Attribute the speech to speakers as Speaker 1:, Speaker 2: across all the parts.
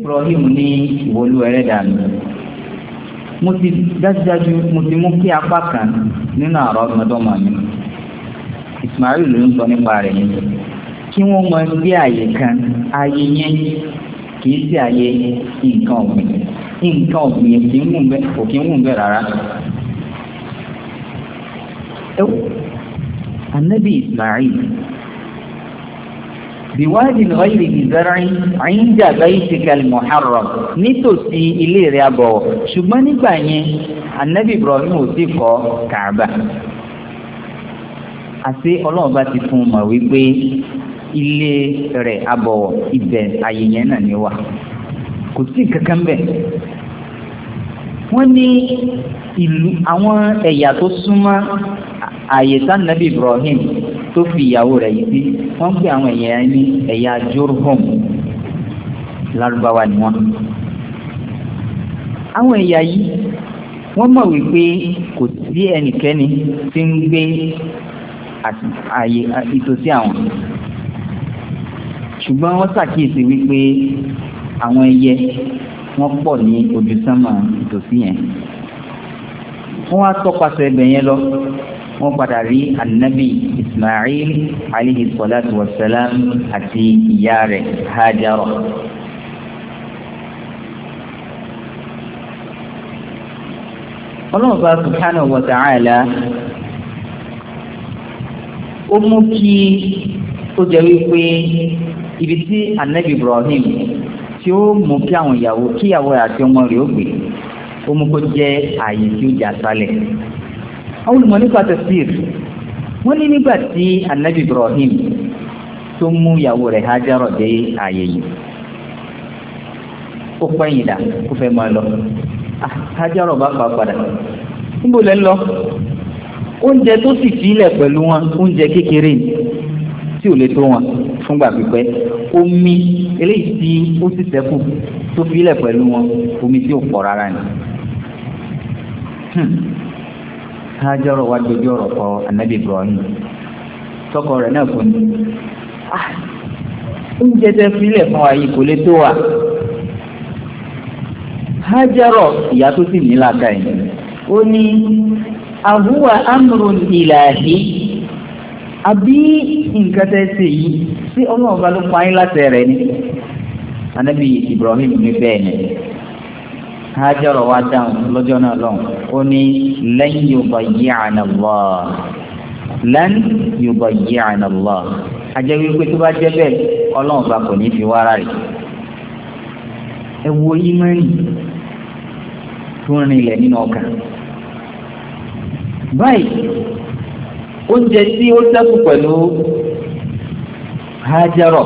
Speaker 1: Ibrahim ní ìwọlú ẹlẹ́dà mi mo ti dájúdájú mo ti mú kí apá kan nínú àrọ ọmọdọ́mọ mi Ismail ló ń sọ nípa rẹ̀ ni kí wọ́n mọ bí àyè kan ayé yẹn kì í sí àyè nǹkan ọ̀gbìn nǹkan ọ̀gbìn kì í wù bẹ́ẹ̀ kò kì í wù bẹ́ẹ̀ rárá. Anabi Ismail bíwáàdì náà yìí ìzẹ́rìn àyíǹjà báyìí ti kẹ́lì muharram nítòsí ilé rẹ̀ abọ̀ ṣùgbọ́n nígbà yẹn anabi ibrahim ò sì kọ́ kàába àti ọlọ́run bá ti fún un mọ̀ wípé ilé rẹ̀ abọ̀ ibẹ̀ àyè yẹn náà ni wà kò sí kankan bẹ́ẹ̀
Speaker 2: wọ́n ní ìlú
Speaker 1: àwọn ẹ̀yà tó súnmọ́ àyè sanabi ibrahim tó fi ìyàwó rẹ̀ yìí sí wọ́n pè àwọn ẹ̀yà ní ẹ̀yà Jurhum lárúbáwá ni wọ́n. àwọn ẹ̀yà yìí wọ́n mọ̀ wípé kò sí ẹnikẹ́ni tí ń gbé àyè ìtòsí àwọn ṣùgbọ́n wọ́n ṣàkíyèsí wípé àwọn ẹyẹ wọ́n pọ̀ ní ojú sánmà ìtòsí yẹn wọ́n á tọpasẹ̀ ibẹ̀ yẹn lọ wọ́n padà rí anabi ismail alayhi salatu wa salam àti ìyá rẹ̀ hajara. ọlọ́run bá subhanahu wa ta'ala ó mú kí ó jẹ́ wípé ibi tí anabi ibrahim tí ó mú kí àwọn ìyàwó kíyàwó àti ọmọ rẹ̀ ó gbé ó mú kó jẹ́ àyè tí ó jà sálẹ̀ àwọn olùmọ̀ nípa tafsir wọ́n ní nígbà tí anabi Ibrahim tó mú ìyàwó rẹ̀ Hajara dé ààyè yìí ó pẹ́yìn dà kó fẹ́ máa lọ ah, Hajara bá fà padà níbo lẹ́ ń lọ oúnjẹ tó sì sílẹ̀ pẹ̀lú wọn oúnjẹ kékeré tí ò lè tó wọn fúngbà pípẹ́ omi eléyìí tí ó sì ṣẹ́kù tó sílẹ̀ pẹ̀lú wọn omi tí ò pọ̀ rárá ni. Hmm sáájọ́rọ̀ wá dojú ọ̀rọ̀ kọ ànábì Ibrahim tọkọ rẹ̀ náà kò
Speaker 2: ní. Ah,
Speaker 1: oúnjẹ tẹ filẹ̀ fún wa yìí kò lè tó wa. Hájárọ̀ ìyá tó sì ní làákà yìí ó ní àhúwà amrun ìlàhí àbí nǹkan tẹ́ ṣe yìí sí ọlọ́run bá ló pa yín láti rẹ̀ ni. ànábì Ibrahim ní bẹ́ẹ̀ ni hájọrọ wa dáhùn lọ́jọ́ náà lọ́hùn ó ní lan yubayyana Allah lan yubayyana Allah ajẹ́ wípé tó bá jẹ́ bẹ́ẹ̀ ọlọ́run bá kò ní fi wára rẹ̀ ẹ wo ìmọ̀ẹ́nì tó ń rinlẹ̀ nínú ọkàn báyìí oúnjẹ tí ó sẹ́kù pẹ̀lú hájọrọ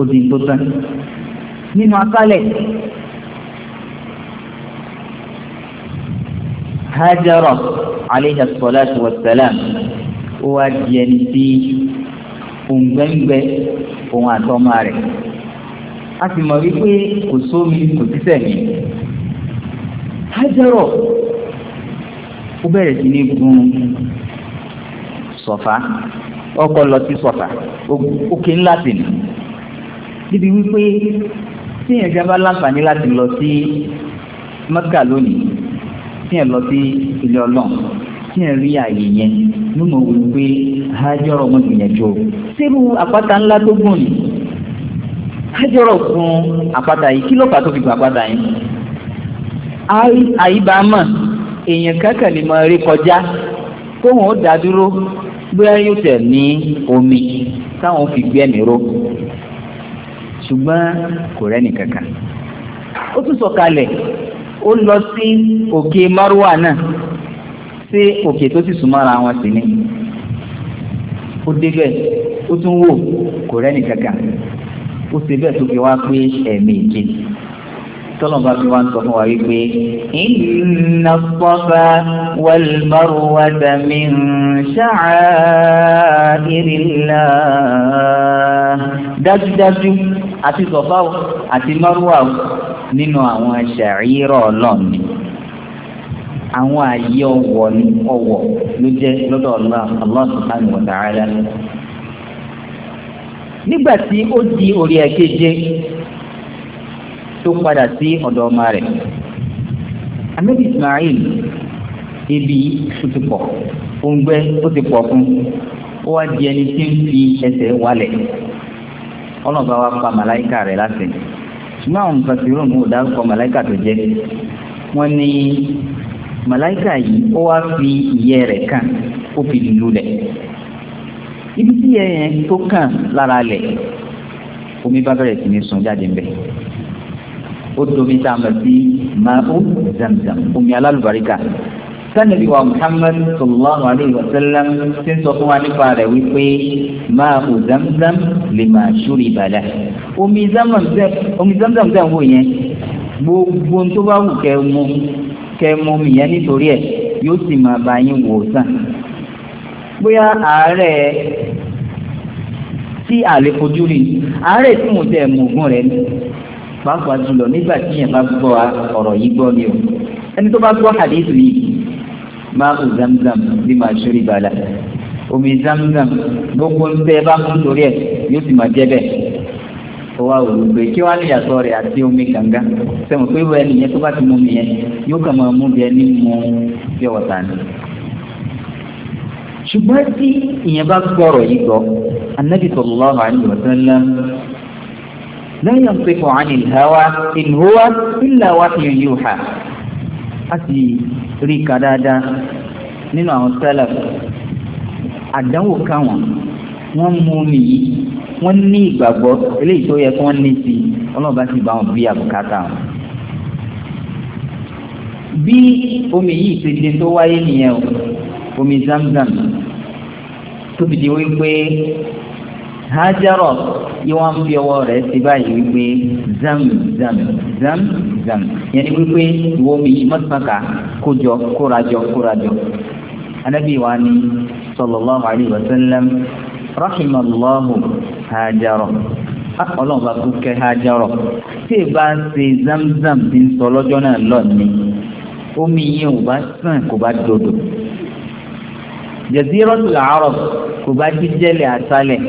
Speaker 1: ó tó tán nínú akálẹ̀ hajara aleyhi salatu wa salam ó wá di ẹni tí òǹgbẹ́ǹgbẹ́ òun àtọ́mọ rẹ̀ a sì mọ̀ wípé kò sómi kò sísẹ̀ mi hajara ó bẹ̀rẹ̀ sí ní gun sọ̀fà ọkọ lọ sí sọ̀fà òkè ńlá sí ni níbi wípé tí ìyẹn jábá láǹfààní láti lọ sí mẹ́kà lónìí kí ẹ lọ sí ilé ọlọ́run kí ẹ rí ààyè yẹn ní mo wù pé hájọ́rọ̀ mo gbìyànjú o sírú àpáta ńlá tó gùn ni hájọ́rọ̀ fún àpáta yìí kí ló fà tó fi gba àpáta yìí àyíbámà èèyàn kankan lè mọ eré kọjá kóhùn ó dá dúró bóyá yóò tẹ̀ ní omi táwọn fi gbé ẹ̀mí ró ṣùgbọ́n kò rẹ́ni kankan ó tún sọ̀kalẹ̀ ó lọ sí òkè márùwà náà sí òkè tó sì súnmọ́ra wọn sí ni ó débẹ̀ ó tún wò kò rẹ́ni kankan ó ṣe bẹ́ẹ̀ tó fi wá pé ẹ̀ẹ̀mejì tọ́lọ̀bá fi wá ń sọ fún wa wípé inna safa wal marwata min sha'a'irillah dájúdájú àti sọ̀fáwò àti márùwáwò nínú àwọn ṣàríyìrọ̀ ọlọ́run ni àwọn ààyè ọwọ̀ ni ọwọ̀ ló jẹ́ lọ́dọ̀ Allah subhanahu wa ta'ala nígbà tí ó di orí ẹ̀keje tó padà sí ọ̀dọ̀ ọmọ rẹ̀ Ànábì Ismail ebi ó ti pọ̀ òǹgbẹ ó ti pọ̀ fún ó wá di ẹni tí ń fi ẹsẹ̀ wálẹ̀ ọlọ́ọ̀bá wa pa màláìkà rẹ̀ láti ṣùgbọ́n àwọn nǹkan tí rò mú dárúkọ màláìkà tó jẹ́ wọ́n ní màláìkà yìí ó wá fi ìyẹ́ rẹ̀ kàn ó fi lùlù lẹ̀ ibi tí ìyẹ́ yẹn tó kàn lára lẹ̀ omi bá bẹ̀rẹ̀ sí ní sun jáde ń bẹ̀ ó tóbi tá a mọ̀ sí máa ó zamzam omi alálùbáríkà sanabi wa muhammad sallallahu alayhi wa sallam ti ń sọ fún wa nípa rẹ̀ wípé máa kò zamzam lè máa ṣúrì ìbàdà omi zamzam tẹ̀ ń wò yẹn gbogbo tó bá wù kẹ́ mu kẹ́ mu mìíràn nítorí ẹ̀ yóò sì máa bá yín wò sàn bóyá àárẹ̀ tí àlefojú rí àárẹ̀ tí mo tẹ̀ mọ̀gún rẹ̀ ni pàápàá jùlọ nígbà tí yẹn bá gbọ́ ọ̀rọ̀ yìí gbọ́ ni o ẹni tó bá gbọ́ hadith yìí máa ń zamzam bí máa ṣorí bàlá omi zamzam gbogbo ń tẹ bá kún torí ẹ yóò sì máa jẹ bẹ́ẹ̀ ó wá wò wípé kí wàá níyàtọ̀ rẹ̀ àti omi kànga sẹ́wọ̀n pé wọ́n ẹnìyẹn tó bá ti mú mi yẹn yóò kàn máa mú bíi ẹni mú bí ọ̀tá ni. ṣùgbọ́n tí ìyẹn bá gbọ́rọ̀ yìí gbọ́ anabi sallallahu alaihi wasallam la yanṭiqu ani al-hawa in huwa illa wahyun yuha a sì rí ka dáadáa nínú àwọn sẹ́lẹ̀ àdánwò káwọn wọ́n mú mi yìí wọ́n ní ìgbàgbọ́ eléyìí tó yẹ kí wọ́n ní sí ọlọ́run bá sì bá wọn bí àbùkátà wọn. bí omi yìí ti di tó wáyé nìyẹn o omi zamzam tóbi di wípé hajara ìwọ́n ń fi ọwọ́ rẹ̀ sí báyìí wípé zam zam zam zam yẹn ni wípé ìwọ́n mi yí mọ́tìmọ́kà kójọ kórajọ kórajọ. anábì wa ni sallallahu alayhi wa sallam rahimallahu hajara ah, ọlọ́run bá tún kẹ́ hajara tí ì bá ń ṣe zamzam ti ń sọ lọ́jọ́ náà lọ́ọ̀ni omi yẹn ò bá sàn kò bá dodo jaziratul arab kò bá jíjẹ́lẹ̀ àtàlẹ̀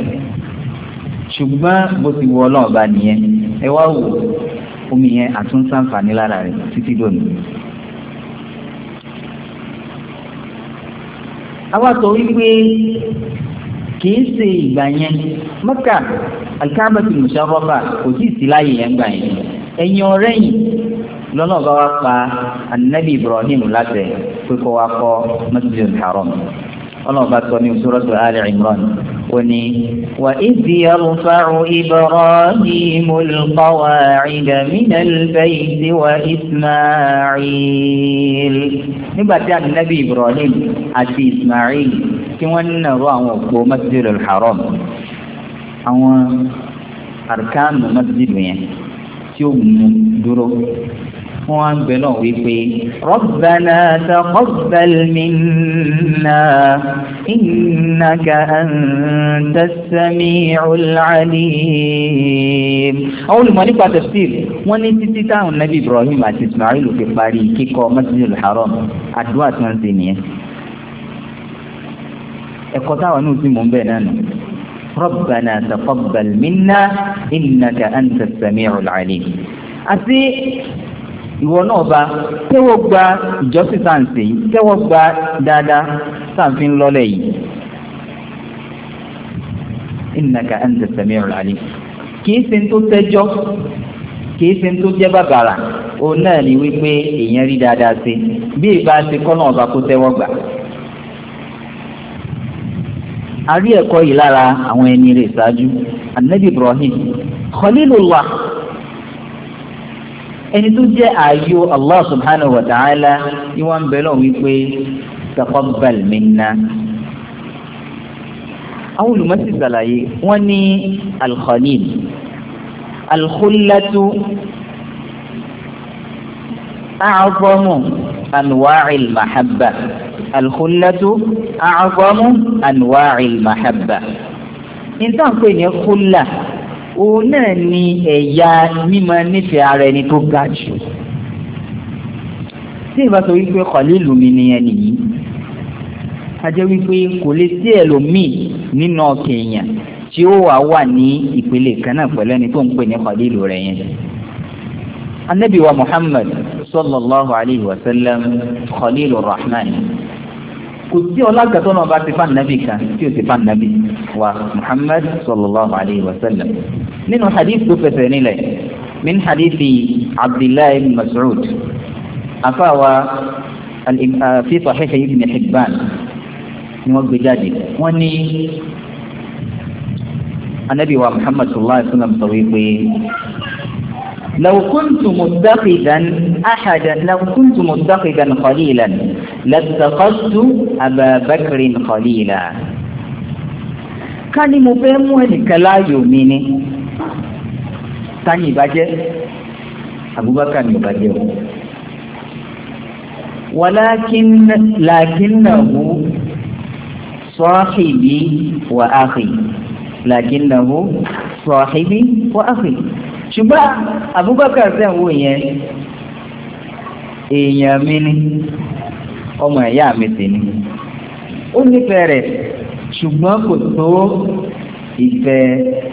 Speaker 1: ṣùgbọ́n bó ti wọ ọlọ́ọ̀ba nìyẹn ẹ wá wò omi yẹn àtúnṣàǹfààní lára rẹ̀ títí dòní. awàtò wípé kìí ṣe ìgbà yẹn mọ́kà alikabati musharrafa kò tí ì sí láyé yẹn gbà yẹn ẹ̀yìn ọ̀rẹ́ yìí lọ́nà bá wa pa anabi ibrahim láti pé kó wa kọ́ masjidul haram ọlọ́run bá sọ ní Suratu Ali Imran ó ní wà ìdí arúfáàrù Ibrahimul qawa'ida minal bayti wa Ismail nígbà tí ànábì Ibrahim àti Ismail tí wọ́n ń nàró àwọn òpó Masjidil Haram àwọn arkanu masjidu yẹn tí ó mú dúró wọ́n wá ń bẹ náà wípé rabbana taqabbal minna innaka antas sami'ul alim. àwọn olùmọ̀ nípa tafsir wọ́n ní títí táwọn nàbí Ibrahim àti Ismail fi parí kíkọ́ Masjidil Haram àdúrà tí wọ́n ń nìyẹn ẹ̀kọ́ táwọn náà sì mọ̀ ń bẹ̀ náà ربنا تقبل منا إنك أنت السميع العليم àti ìwọ náà bá tẹ́wọ́ gba ìjọsìn sáǹsì yìí tẹ́wọ́ gba dáadáa sáǹfin lọ́lẹ̀ yìí. innaka anta sami'ul alim kìí ṣe tó tẹ́jọ́ kìí ṣe tó jẹ́ bàbàrà òun náà ni wípé èèyàn rí dáadáa sí bí ìbá ti kọ́ náà bá kó tẹ́wọ́ gbà. a rí ẹ̀kọ́ yìí lára àwọn ẹni rẹ̀ ṣáájú anabi ibrahim khalilullah ẹni tó jẹ́ ààyò Allah subhanahu wa ta'ala ni wọ́n ń bẹ lọ́wọ́ wípé taqabbal minna. àwọn olùmọ̀sí ṣàlàyé wọ́n ní al-khalil al-khullatu mahabba al-khullatu a'zamu mahabba. nítorí pé kúlà òun náà ni ẹ̀yà mímọ nífẹ̀ẹ́ ara ẹni tó ga jù tí ìbá sọ wípé kọ̀lílù mi nìyẹn nìyí a jẹ́ wípé kò lè sí ẹlòmíì nínú ọkàn èèyàn tí ó wà wà ní ìpele kan náà pẹ̀lú ẹni tó ń pè ní kọ̀lílù rẹ̀ yẹn anabi wa muhammad alayhi wa sallam kọ̀lílù rahman kò sí ọlágbà tó náà bá ti fa nàbì kan tí ó ti fa nàbì wa muhammad sallallahu alayhi wa sallam nínú hadith tó fẹsẹ̀ nílẹ̀ min hadithi abdullahi ibn mas'ud afáwa ah, fi sahihi ibn hibban ni wọ́n gbé jáde wọ́n ní anabi wa muhammad sallallahu alayhi wa sallam sọ wípé. لو كنت متخذا أحدا لو كنت متخذا قليلا لاتخذت أبا بكر قليلا كان مبهمه لكلا يؤمني تاني باجة أبو بكر مبهمه ولكن لكنه صاحبي وأخي لكنه صاحبي وأخي ṣùgbọ́n Abubakar ṣe ń wò yẹn èèyàn mi ni ọmọ ẹ̀yà mi sì ni ó nífẹ̀ẹ́ rẹ̀ ṣùgbọ́n kò tó ìfẹ́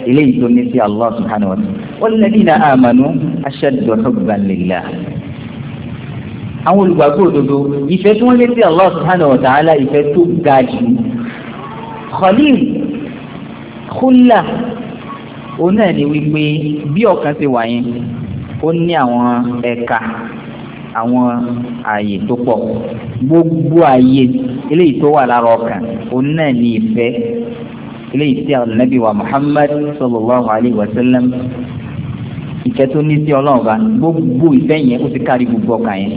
Speaker 1: eléyìí tó ní sí Allah subhanahu wa ta'ala walladhina amanu ashaddu hubban lillah àwọn olùgbàgbọ́ òdodo ìfẹ́ tí wọ́n lé sí Allah subhanahu wa ta'ala ìfẹ́ tó ga jù khalil khulla òun náà ni wípé bí ọkàn ti wà yẹn ó ní àwọn ẹ̀ka àwọn ààyè tó pọ̀ gbogbo ààyè eléyìí tó wà lára ọkàn òun náà ni ìfẹ́ eléyìí tí ànábì wa Muhammad sallallahu alayhi wa sallam ìfẹ́ tó ní sí ọlọ́run bá gbogbo ìfẹ́ yẹn ó ti kárí gbogbo ọkàn yẹn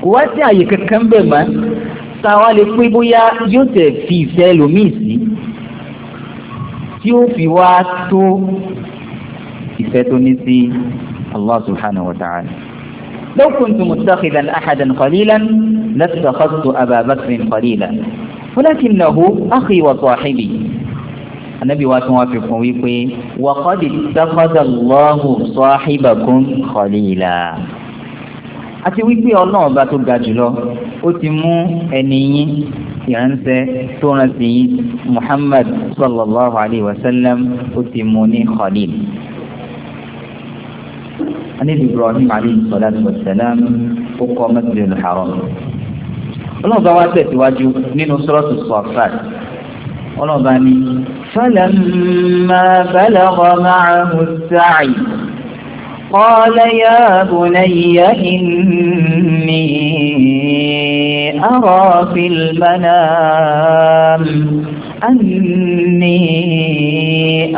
Speaker 1: kò wá sí ààyè kankan bẹ́ẹ̀ mọ́ táwa lè pé bóyá yóò tẹ̀ fi ìfẹ́ lòmíì sí tí ó fi wá tó ìfẹ́ tó ní sí Allah subhanahu wa ta'ala. لو كنت متخذا أحدا خليلا لاتخذت أبا بكر خليلا ولكنه أخي وصاحبي النبي واتوافق ويقول وقد اتخذ الله صاحبكم خليلا àti wípé ọlọ́run ọba tó ga jùlọ ó ti mú ẹni yín ìránṣẹ́ tó rántí yín Muhammad sallallahu alayhi wa sallam ó ti mú ní khalil. anabi ibrahim alayhi salatu wa salam ó kọ́ masjid al-haram. ọlọ́run bá wá tẹ̀síwájú nínú sọ́rọ́tù sọ̀fàt ọlọ́run bá ní. falamma balagha ma'ahu as قال يا بني إني أرى في المنام أني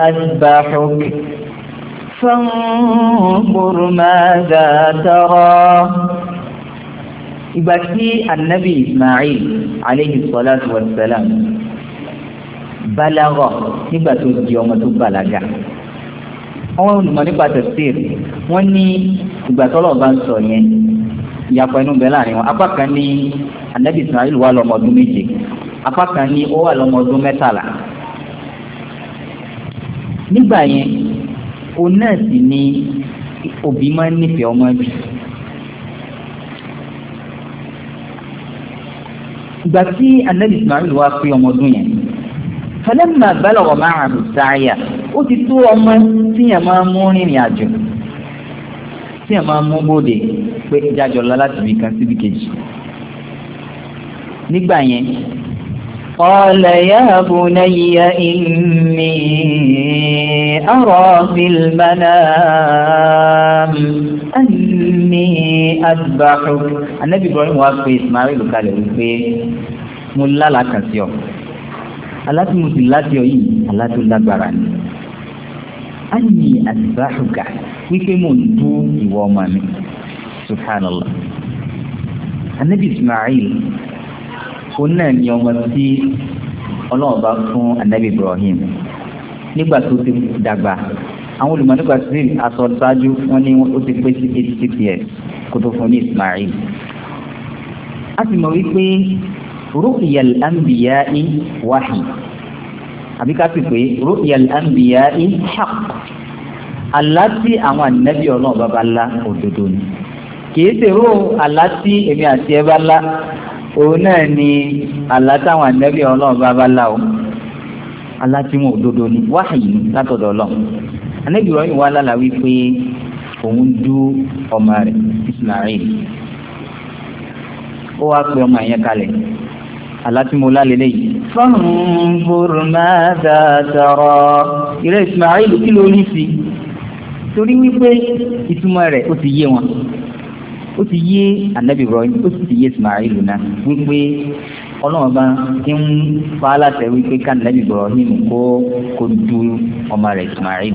Speaker 1: أذبحك فانظر ماذا ترى بكي النبي إسماعيل عليه الصلاة والسلام بلغ نبت اليوم بلغ àwọn olùmọ̀ nípa tẹ̀síìr wọ́n ní ìgbà tọ́lọ̀ bá ń sọ yẹn ìyàpọ̀ inú bẹ́ẹ̀ láàrin wọn apá kan ní anabi Ismail wà lọ́mọ ọdún méje apá kan ní ó wà lọ́mọ ọdún mẹ́tàlá nígbà yẹn òun náà sì ni òbí máa ń nífẹ̀ẹ́ ọmọ jù ìgbà tí anabi Ismail wà pé ọmọ ọdún yẹn falamma balagha ma'ahu as-sa'ya ó ti tó ọmọ tíyàn máa mú rìnrìn àjò tíyàn máa mú bóde pé jájọ lọ láti ibì kan síbi kejì nígbà yẹn قال يا بني إني أرى في المنام أني أذبحك النبي إبراهيم wá pe Ismail kalẹ̀ wípé mo lálàá kan sí ọ àlá tí mo sì lá sí ni anyi asahuka wípé mò ń bú ìwọ ọmọ mi subhanallah anabi ismail òun náà ni ọmọ tí ọlọ́run bá fún anabi ibrahim nígbà tó ti dàgbà àwọn olùmọ̀ nígbà tí aṣọ ṣáájú wọn ni ó ti pé sí eighty six years kó tó fún ní ismail a sì mọ̀ wípé rúkìyà al-anbiya'i wahyi àbí ká sì pé ru'yal anbiya'i haqq àlá tí àwọn ànábì ọlọ́run bàbá ńlá òdodo ni kìí ṣèrò àlá tí èmi àti ẹ bá lá òun náà ni àlá táwọn ànábì ọlọ́run bàbá ńlá o àlá tí wọn òdodo ni wáhàyí látọ̀dọ̀ ọlọ́run ànábì ọ̀hún wà lálàá wípé òun dú ọmọ rẹ̀ Ismail ó wá pe ọmọ yẹn kalẹ̀ alátìmọ́lá lélẹ̀ yìí. fanzur madha tara ìrẹ́ Ismail kí ló rí sí torí wípé ìtumọ̀ rẹ̀ ó ti yé wọn ó ti yé anabi Ibrahim ó sì ti yé Ismail náà wípé ọlọ́run bá ti ń fa aláṣẹ wípé kánilẹ́bí Ibrahim kó kó du ọmọ rẹ̀ Ismail.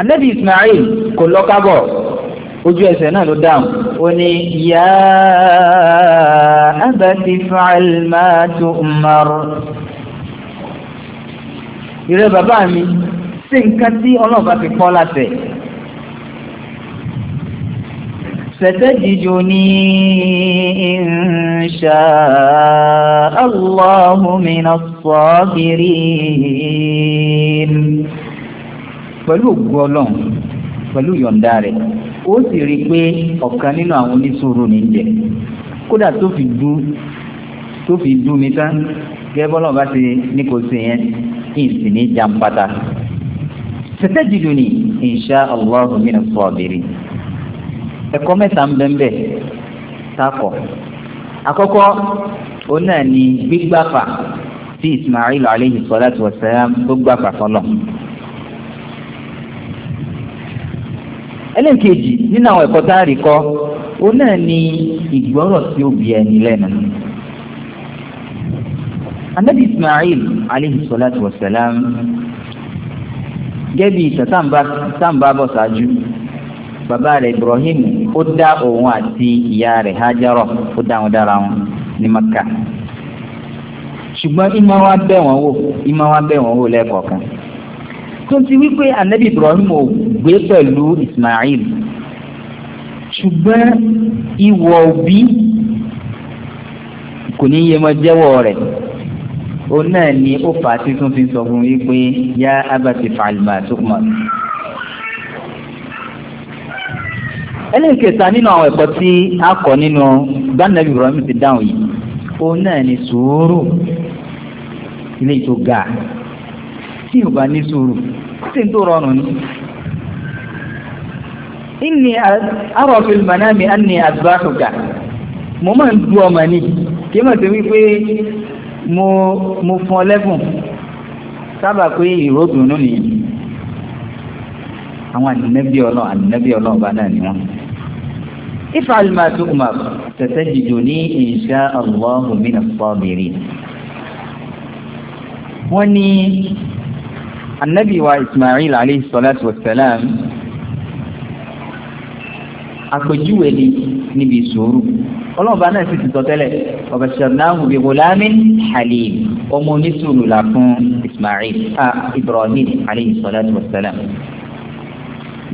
Speaker 1: anabi Ismail kò lọ kábọ̀ ojú ẹsẹ̀ náà ló dáhùn ó ní yá abati fa'al ma tu'mar ìrẹ́ bàbá mi sí nǹkan tí ọlọ́ọ̀bá fi kọ́ látẹ̀ ستجدني إن شاء الله من الصابرين pẹ̀lú ògùn ọlọ́run pẹ̀lú yọ̀ǹda rẹ̀ ó sì rí i pé ọ̀kan nínú àwọn oníṣòro ní jẹ kódà tó fi dú tó fi dú mi tán gẹ́gẹ́ bọ́lá ọba ti ní kò sí yẹn ìsìn ní jàǹpátá satajiduni insha allah min as-sabirin ẹ̀kọ́ mẹ́ta ń bẹ ń sákọ̀ àkọ́kọ́ òun náà ni gbígbàfà tí ismail alayhi salatu wa salam tó gbàfà fọlọ́. ẹlẹ́ẹ̀kejì nínú àwọn ẹ̀kọ́ tá a rí kọ́ ó náà ní ìgbọ́rọ̀ sí òbí ẹni lẹ́nu. anabi ismail aleyhi salatu wa salam gẹ́bí sàtàǹbà bọ̀ ṣáájú bàbá rẹ̀ ibrahim ó dá òun àti ìyá rẹ̀ hajarọ̀ ó dá wọn dára wọn ní maka ṣùgbọ́n ìmọ̀ wa bẹ̀ wọ́n wò ìmọ̀ wa bẹ̀ wọ́n wò lẹ́ẹ̀kọ̀ọ̀kan tó ti wípé anabi ibrahim ò gbé pẹ̀lú ismail ṣùgbọ́n ìwọ òbí kò ní yé mọ jẹ́wọ́ rẹ̀ ó náà ni ó fà á títún fi sọ fún yín pé yá abati falima tukma. ẹlẹ́kẹta nínú àwọn ẹ̀kọ́ tí a kọ́ nínú gbanabi ibrahim ti dáhùn yìí o náà ni sùúrù ilé ìtò ga tí ò bá ní sùúrù tí n tó rọrùn ní. inni arọ fil manami anni azbahuka mo máa ń du ọmọ ní kí mọ̀ sí wípé mo mo fún ọ lẹ́bùn sábà pé ìró dùnú nìyí àwọn ànínẹ́bí ọlọ́run ànínẹ́bí ọlọ́run bá náà ni wọ́n. ifeanyi máa tó kùmà tẹ̀sẹ̀ jìjò ní insha Allahu minas sabirin. wọ́n ní anabi wa ismail alayhi salatu wa salam àpèjúwe ni níbi sùúrù ọlọ́ọ̀bá náà sì ti sọ tẹ́lẹ̀ ọ̀bẹ̀ ṣẹ̀dáhù bíi gulamin halim ọmọ onísùúrù là fún ismail a ibrahim alayhi salatu wa salam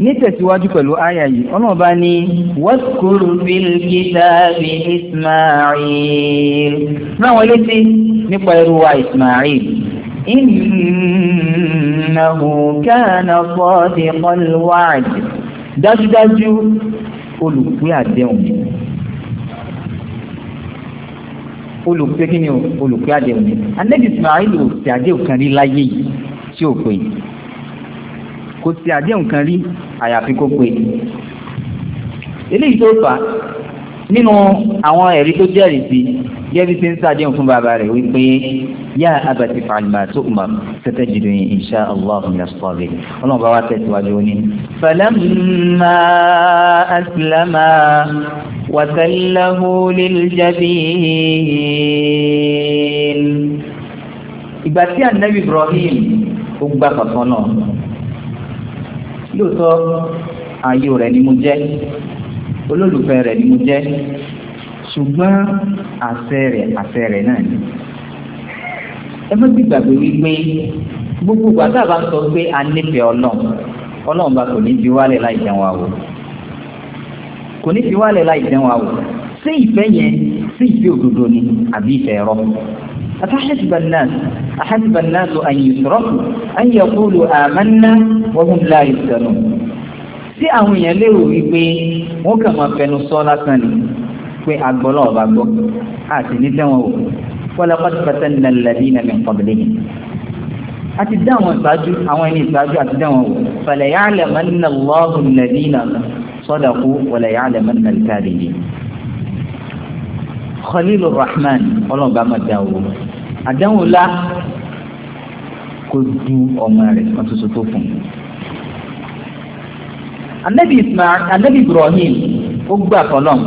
Speaker 1: nítẹ̀síwájú pẹ̀lú àyà yìí ọlọ́run bá ní wọ́skúrú bílkítàbí ismail ráwọn létí nípa ẹrú wa ismail innahu kana sadiqal wa'd dájúdájú olùpé àdéhùn olùpé kí ni olùpé àdéhùn Ànábì Ismail ò sí àdéhùn kan rí láyé yìí tí ò pé kò sí àdéhùn kan rí àyàfi kó pé eléyìí tó fà nínú àwọn ẹ̀rí tó jẹ́rìí sí gẹ́bí tí ń sàdéhùn fún bàbá rẹ̀ wípé yá abàtì fàlùmà tó mọ̀ tẹ́tẹ́ jìnnà ìṣá allah ní asọ́lẹ̀ ọlọ́run bá wá tẹ̀síwájú ní. falamma aslama wasallahu liljabin. ìgbà tí anabi ibrahim ó gbà kankan náà lóòótọ́ ayé rẹ̀ ni mo jẹ́ olólùfẹ́ rẹ̀ ni mo jẹ́ ṣùgbọ́n àṣẹ rẹ̀ àṣẹ rẹ̀ náà ni ẹ má ti gbàgbé wípé gbogbo gbàtà bá ń sọ pé a nífẹ̀ẹ́ ọlọ́run ọlọ́run bá kò ní fi wálẹ̀ láì jẹun wa wò kò ní fi wálẹ̀ láì jẹun wa wò sí ìfẹ́ yẹn sí ìfẹ́ òdodo ni àbí ìfẹ́ ẹ̀rọ أفحسب الناس أحسب الناس أن يتركوا أن يقولوا آمنا وهم لا àwọn èèyàn lérò wípé wọ́n kàn máa fẹnu sọ lásán ni pé agbọ́lọ́ọ̀bá gbọ́ àti nítẹ̀wọ̀n wò walaqad fatanna alladhina min qablihim àti dá àwọn ìsáájú àwọn ẹni ìsáájú àti dá wọn wò fala ya'lamanna Allahu alladhina sadaqu wala ya'lamanna al-kadhibin Khalilur Rahman ọlọ́ọ̀bá máa dá owó àdánwò la kó du ọmọ rẹ̀ kan tuntun Ismail anabi Ibrahim ó gbà kọlọ́m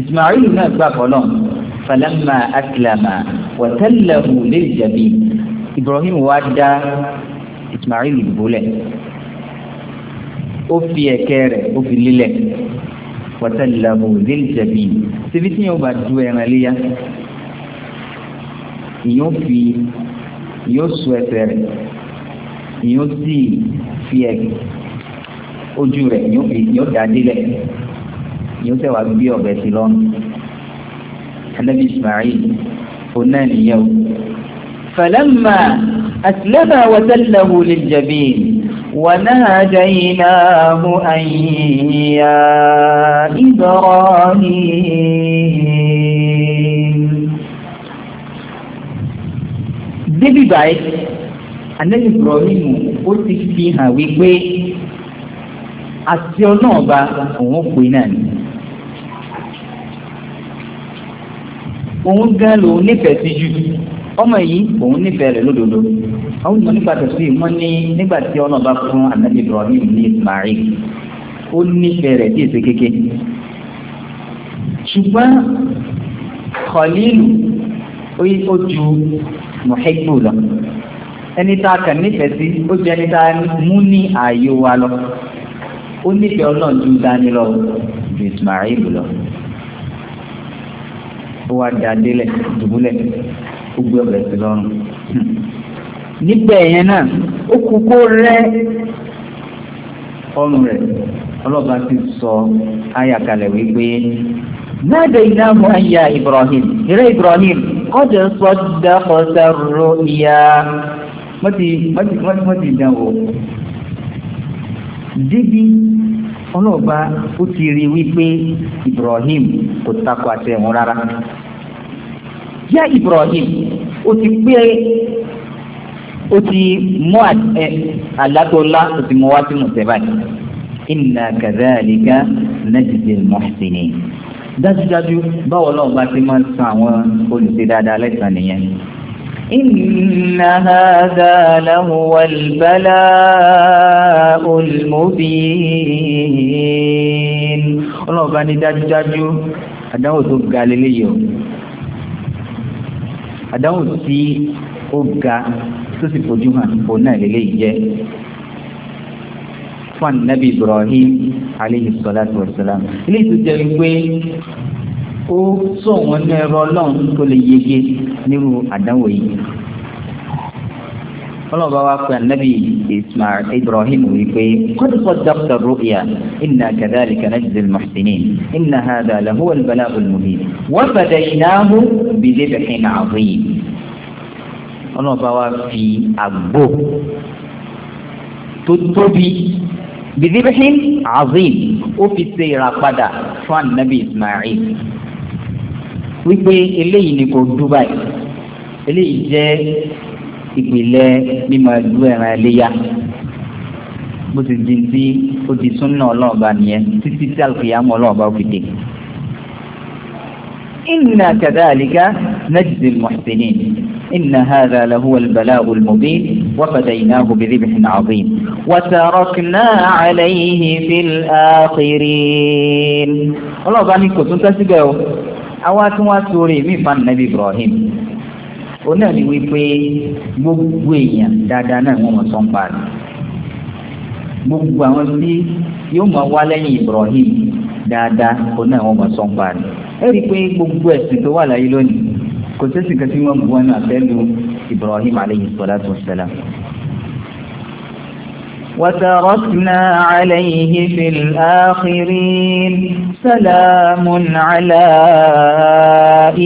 Speaker 1: Ismail náà gbà kọlọ́m falama asilama wàtẹ́lẹ̀mù lè jẹ̀bi ibrahim wá dá ismail gbólẹ̀ ó fi ẹ̀kẹ́ rẹ̀ ó fi lílẹ̀ wàtẹ́lẹ̀mù lè jẹ̀bi síbi tí yóò bá du ẹran léyà yóò fi yóò sọ ẹsẹ̀ rẹ̀ yóò sì fi ẹ̀ ojú rẹ̀ yóò dá délẹ̀ yóò sẹ́wàá gbé ọ̀bẹ sí lọ́nù. النبي إسماعيل قلنا اليوم فلما أسلم وسله للجبين وناديناه أن يا إبراهيم دبي بايت أن إبراهيم قلت فيها ويقول أسيونوبا أمو قويناني òun gan lòun nífẹ̀ẹ́ sí jù ọmọ yìí òun nífẹ̀ẹ́ rẹ̀ lódodo àwọn ìmọ̀ nípa tẹ̀sí ìmọ̀ ní nígbà tí ọ̀nà bá fún anabi ibrahim ní ismail ó nífẹ̀ẹ́ rẹ̀ sí èsè kéke ṣùgbọ́n khalil ó ju muhibbu lọ ẹni tá a kàn nífẹ̀ẹ́ sí ó ju ẹni tá a mú ní ààyò wa lọ ó nífẹ̀ẹ́ ọlọ́run ju dání lọ ju ismail lọ ó wá da délẹ̀ dùbúlẹ̀ ó gbé ọ̀rẹ́ sí lọ́rùn. níbẹ̀ yẹn náà ó kú kó rẹ́ ọrùn rẹ̀ ọlọ́ba ti sọ ayàkalẹ̀ wípé náàdé ináhu ayá Ibrahim ìrẹ́ Ibrahim kọ́jà sọ dákọ̀ọ́sẹ̀ rọ ìyá mọ́tì mọ́tì mọ́tì dánwò dídí ọlọ́ọ̀bá ó ti rí wípé Ibrahim kò takò àṣẹ wọn rárá yá Ibrahim ó ti pé ó ti mú àlágbọ́lá ó ti mú wá sí mùsẹ̀bà inna kadhalika najzil muhsinin dájúdájú báwo lọ́ọ̀bá ti máa ń san àwọn olùṣe dáadáa lẹ́sàn-án nìyẹn.
Speaker 2: إن
Speaker 1: هذا لهو البلاء المبين ọlọ́run bá ní dájúdájú àdánwò tó ga lélẹ́yọ̀ àdánwò tí ó ga tó sì fojú hàn òun náà lélẹ́yìí jẹ́ fún ànábì Ibrahim alayhi salatu wa salam ilé ìtújẹ́ wípé ó sóhun ní ẹ̀rọ ọlọ́run tó lè yege nírú àdánwò yìí ọlọ́run bá wá pé anabi ismail ibrahim wípé kọ́dùkọ́ dr ruya inna kadhalika najzi al-muhsinin inna hadha lahuwa al-bala'u al-mubin wa fadaynahu bidhibhin 'azim ọlọ́run bá fi àgbo tó tóbi bidhibhin 'azim ó fi ṣe ìràpadà fún anabi ismail wípé eléyìí ni kò dú báyìí eléyìí jẹ́ ìpìlẹ̀ mímọ ẹ̀dú ẹ̀ràn ẹlẹ́yà bó ti di ti ó ti sún náà lọ́ọ̀bà nìyẹn títí tí àlùkìyàmọ̀ ọlọ́ọ̀bá ó fi dé. إنا كذلك نجزي المحسنين إن هذا لهو البلاء المبين وفديناه بذبح عظيم وتركنا عليه في الآخرين الله باني كنت تسجعوا àwa tí wọ́n sórí mí fa nàbí Ibrahim ó náà ní wípé gbogbo èèyàn dáadáa náà wọ́n mọ̀ sọ́n pa rẹ̀ gbogbo àwọn tí yóò mọ̀ wá lẹ́yìn Ibrahim dáadáa ó náà wọ́n mọ̀ sọ́n pa rẹ̀ ẹ rí i pé gbogbo ẹ̀sìn tó wà láyé lónìí kò sẹ́sìn kan tí wọ́n bu wọn náà fẹ́ lu Ibrahim aleyhi salatu wa salam. وتركنا عليه في الآخرين سلام على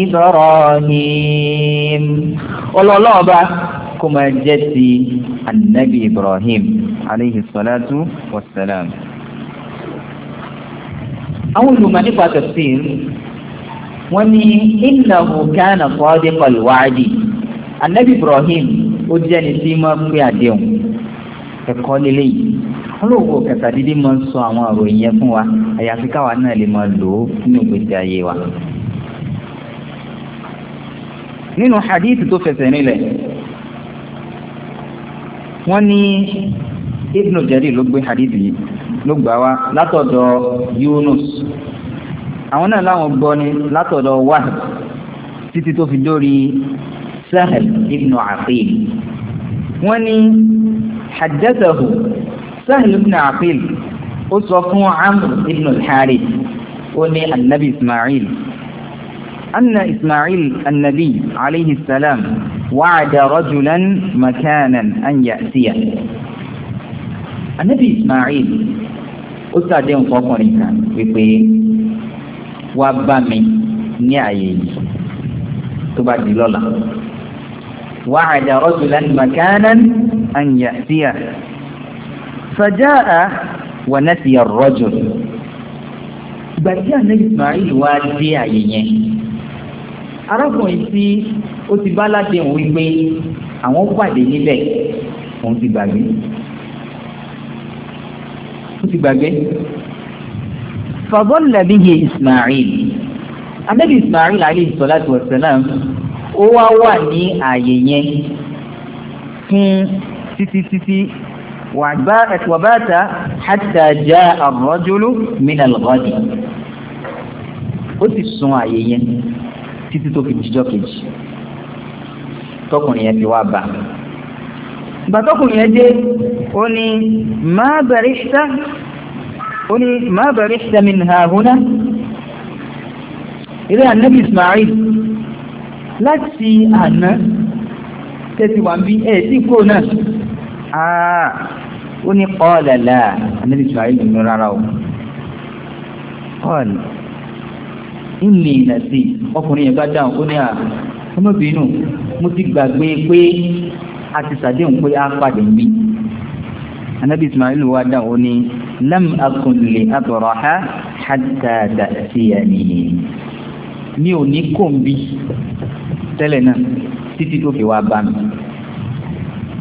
Speaker 1: إبراهيم والله با كما جتي النبي إبراهيم عليه الصلاة والسلام أول ما نفع تفسير وني إنه كان صادق الوعد النبي إبراهيم ó jẹ́ ni tí ẹ̀kọ́ lélẹ̀ yìí olóògùn kẹta dídí máa ń sọ àwọn àròyìn yẹn fún wa àyàfi káwa náà lè máa lò ó nínú ìgbésí ayé wa. nínú hadith tó fẹsẹ̀ nílẹ̀ wọ́n ní ibnu jarir ló gbé hadith yìí ló gbà wá látọ̀dọ̀ yunus àwọn náà láwọn gbọ́ ni látọ̀dọ̀ wahab títí tó fi dórí sahel ibnu aqil wọ́n ní. حدثه سهل بن عقيل أصفه عمرو بن الحارث ولي النبي إسماعيل أن إسماعيل النبي عليه السلام وعد رجلا مكانا أن يأتيه النبي إسماعيل أستاذين فوقني ويقول وابامي نعيه تبادل لولا وعد رجلا مكانا أن يأتيه فجاء ونسي الرجل بكى إسماعيل وادي عينيه arákùnrin tí ó ti bá láti òun wípé àwọn pàdé níbẹ̀ òun ti gbàgbé ó ti gbàgbé. fàbọ́lá bihi ismail anabi ismail alayhi salatu wa salam ó wá wà ní ààyè yẹn fún títí títí wàbáta hátà já àrọ́jọ́lú mìíràn lọ́dì ó sì sun àyè yẹn títí tó fi jíjọ́ kejì tọkùnrin yẹn fi wá bá ìgbà tọkùnrin yẹn dé ó ní má bẹ̀rẹ̀ sá ó ní má bẹ̀rẹ̀ sá mi nà húnà ilé ànábì Ismail láti àná tẹ́tí wà ń bí ẹ̀ náà áà ó ní kọ́ọ̀lẹ̀ láà ànábì Ismail ní rárá o kọ́ọ̀lẹ̀ ìlì ìnàsí ọkùnrin yẹn bá dáhùn ó ní à ọmọbìnrin mo ti gbàgbé pé a ti ṣàdéhùn pé a pàdé mi ànábì Ismail wá dáhùn ó ní lam akun lè àtọ̀rọ̀ ha mi ò ní kòmbi tẹ́lẹ̀ náà títí tó fi wá bá mi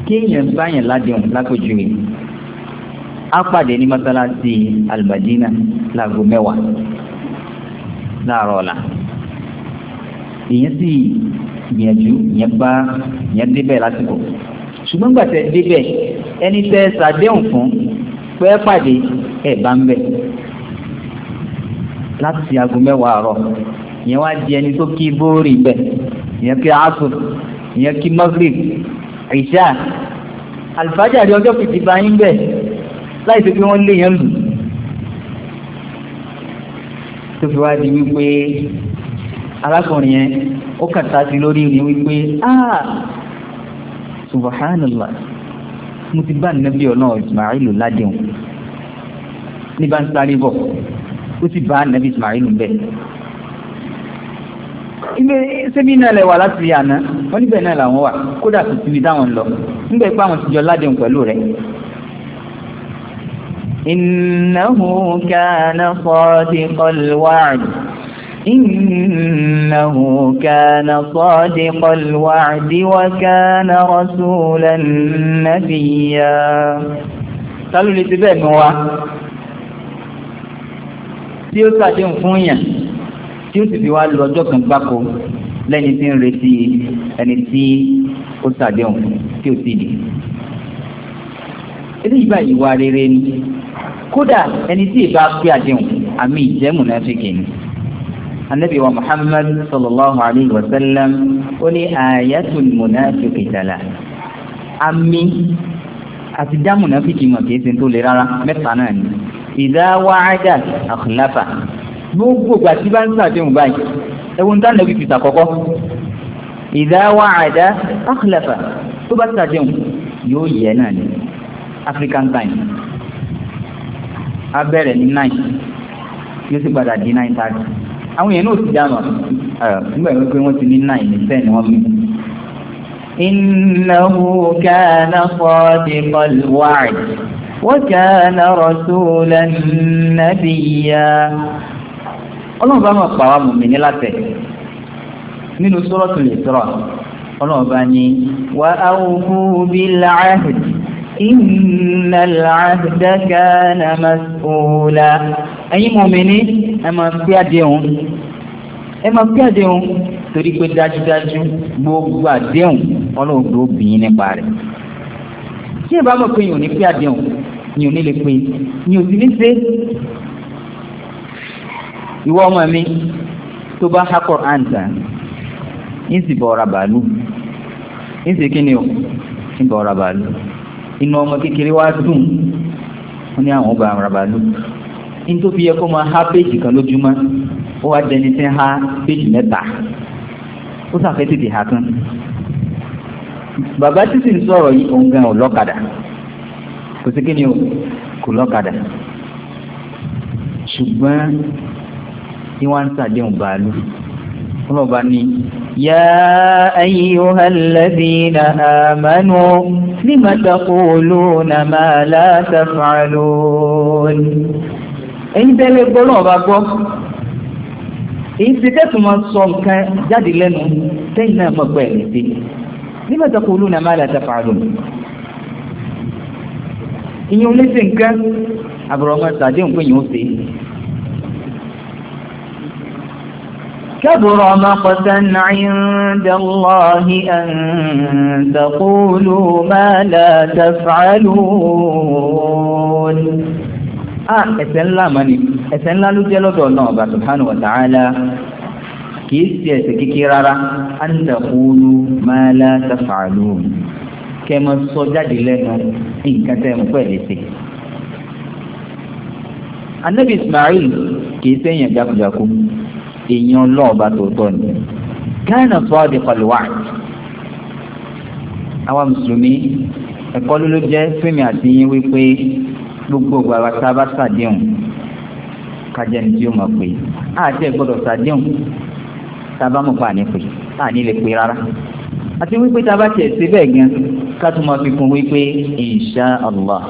Speaker 1: kí èèyàn báyàn ládéhùn lápèjúwe á pàdé ní mọ́sálásí almadina láago mẹ́wàá láàárọ̀ ọ̀la èèyàn sì gbìyànjú ìyẹn bá ìyẹn débẹ̀ lásìkò ṣùgbọ́n gbàtẹ́ débẹ̀ ẹni tẹ́ ṣàdéhùn fún pẹ́ pàdé ẹ̀ bá ń bẹ̀ láti aago mẹ́wàá àárọ̀ ìyẹn wá di ẹni tó kí bóòrì bẹ̀ ìyẹn kí asùn ìyẹn kí magrib ìṣá àlùfájà rí ọjọ́ kìtì bá yín bẹ̀ láì tó pé wọ́n lé yẹn lù tó fi wá di wípé arákùnrin yẹn ó kàtà sí lórí ni wípé ah subhanallah mo ti bá nàbí ọ̀nà Ismailu ládéhùn ní bá ń sáré bọ̀ ó sì bá nàbí Ismailu bẹ́ẹ̀ ilé sẹ́bí náà lẹ́wà láti rí àná wọ́n níbẹ̀ náà làwọn wà kódà sì ti rí dáwọn lọ nígbà ipá àwọn tìjọ ládéhùn pẹ̀lú rẹ̀. innahu kana sadiqal wa'd innahu kana sadiqal wa'd wa kana rasulan nabiyya sálùlẹ̀ ti bẹ́ẹ̀ nu wa tí ó sàdéhùn fún yàn tí ó sì fi wá lọ ọjọ́ kan gbáko lẹ́ni tí ń retí ẹni tí ó ṣàdéhùn tí ó ti dì. eléyìí báyìí wá rere ni kódà ẹni tí ìbá pé àdéhùn àmì ìjẹ́mù náà fi kìíní. النبي محمد صلى الله عليه وسلم ولي آية المنافق ثلاث أمي àti dá ما mọ̀ kìí ṣe tó le rárá mẹ́ta gbogbo ìgbà tí bá ń sàdéhùn báyìí ẹ̀wọ̀n dáná bí fìtà kọ́kọ́ ìdáwà àdá akhlafa tó bá sàdéhùn yóò yẹ náà ní African time abẹ́rẹ̀ ní nine yóò sì padà di nine thirty àwọn èèyàn náà ti dáná nígbà wípé wọ́n ti ní nine ní ten ni wọ́n إنه كان صادق الوعد وكان رسولا نبيا ọlọ́run bá máa pa wá mùmíní látẹ̀ nínú Suratul Isra ọlọ́run bá ní wa awfu bil ahd innal ahda kana mas'ula ẹ̀yin mùmíní ẹ máa fi àdéhùn ẹ máa fi àdéhùn torí pé dájúdájú gbogbo àdéhùn ọlọ́run tó bìín nípa rẹ̀ tí ẹ bá mọ̀ pé yìí ò ní fi àdéhùn yìí ò ní lè pín yìí ò sì ní ṣe ìwọ ọmọ mi tó bá há Quran tán bọ̀ ọ̀rà bàálù ń o ń bọ̀ ọ̀rà bàálù inú ọmọ kékeré wá dùn ó ní àwọn ọba ọ̀rà bàálù ń tó fi yẹ kó máa há péjì kan lójúmọ́ ó wá dẹni tí ń há péjì mẹ́ta ó sàfẹ́ tètè há tán bàbá títí ń sọ̀rọ̀ yìí òun gan o kò lọ́kadà ṣùgbọ́n tí wọ́n ń sàdéhùn bàálù ọlọ́ba ni yá ayyuha alladhina amanu lima taquluna ma la taf'alun ẹ̀yin tẹ́lẹ̀ gbọ́ náà bá gbọ́ èyí ti tẹ́sùn máa sọ nǹkan jáde lẹ́nu tẹ́yìn náà mọ̀ pẹ́ ẹ̀ sí lima taquluna ma la taf'alun ìyẹn oníṣẹ́ nǹkan àbúrò ọmọ sàdéhùn pé yìí ó ṣe é كبر مقتا عند الله أن تقولوا ما لا تفعلون ah ẹ̀ṣẹ̀ ńlá mani ẹ̀ṣẹ̀ ńlá ló jẹ́ lọ́dọ̀ náà ọba subhanahu wa ta'ala kìí ṣe ẹ̀ṣẹ̀ kékeré rárá an taqulu ma la taf'alun kẹmọ sọ jáde lẹ́nu nǹkan tẹ́ ń pẹ̀lú sí. anabi ismail kìí ṣe èèyàn jákujáku èèyàn lọ́ọ̀bá tòótọ́ ni káyọ̀nà sọ́ọ́ di kọlùwà àwa mùsùlùmí ẹ̀kọ́ ló ló jẹ́ fíìmù àti yín wípé gbogbo gbàgbà tá a bá sàdéhùn kájẹ́ ní tí ó mọ̀ pé àti ẹ̀ gbọ́dọ̀ sàdéhùn tá a bá mọ̀ pa àní pé àní lè pé rárá àti wípé tá a bá tiẹ̀ ṣe bẹ́ẹ̀ gan ká tún máa fi kún wípé insha Allah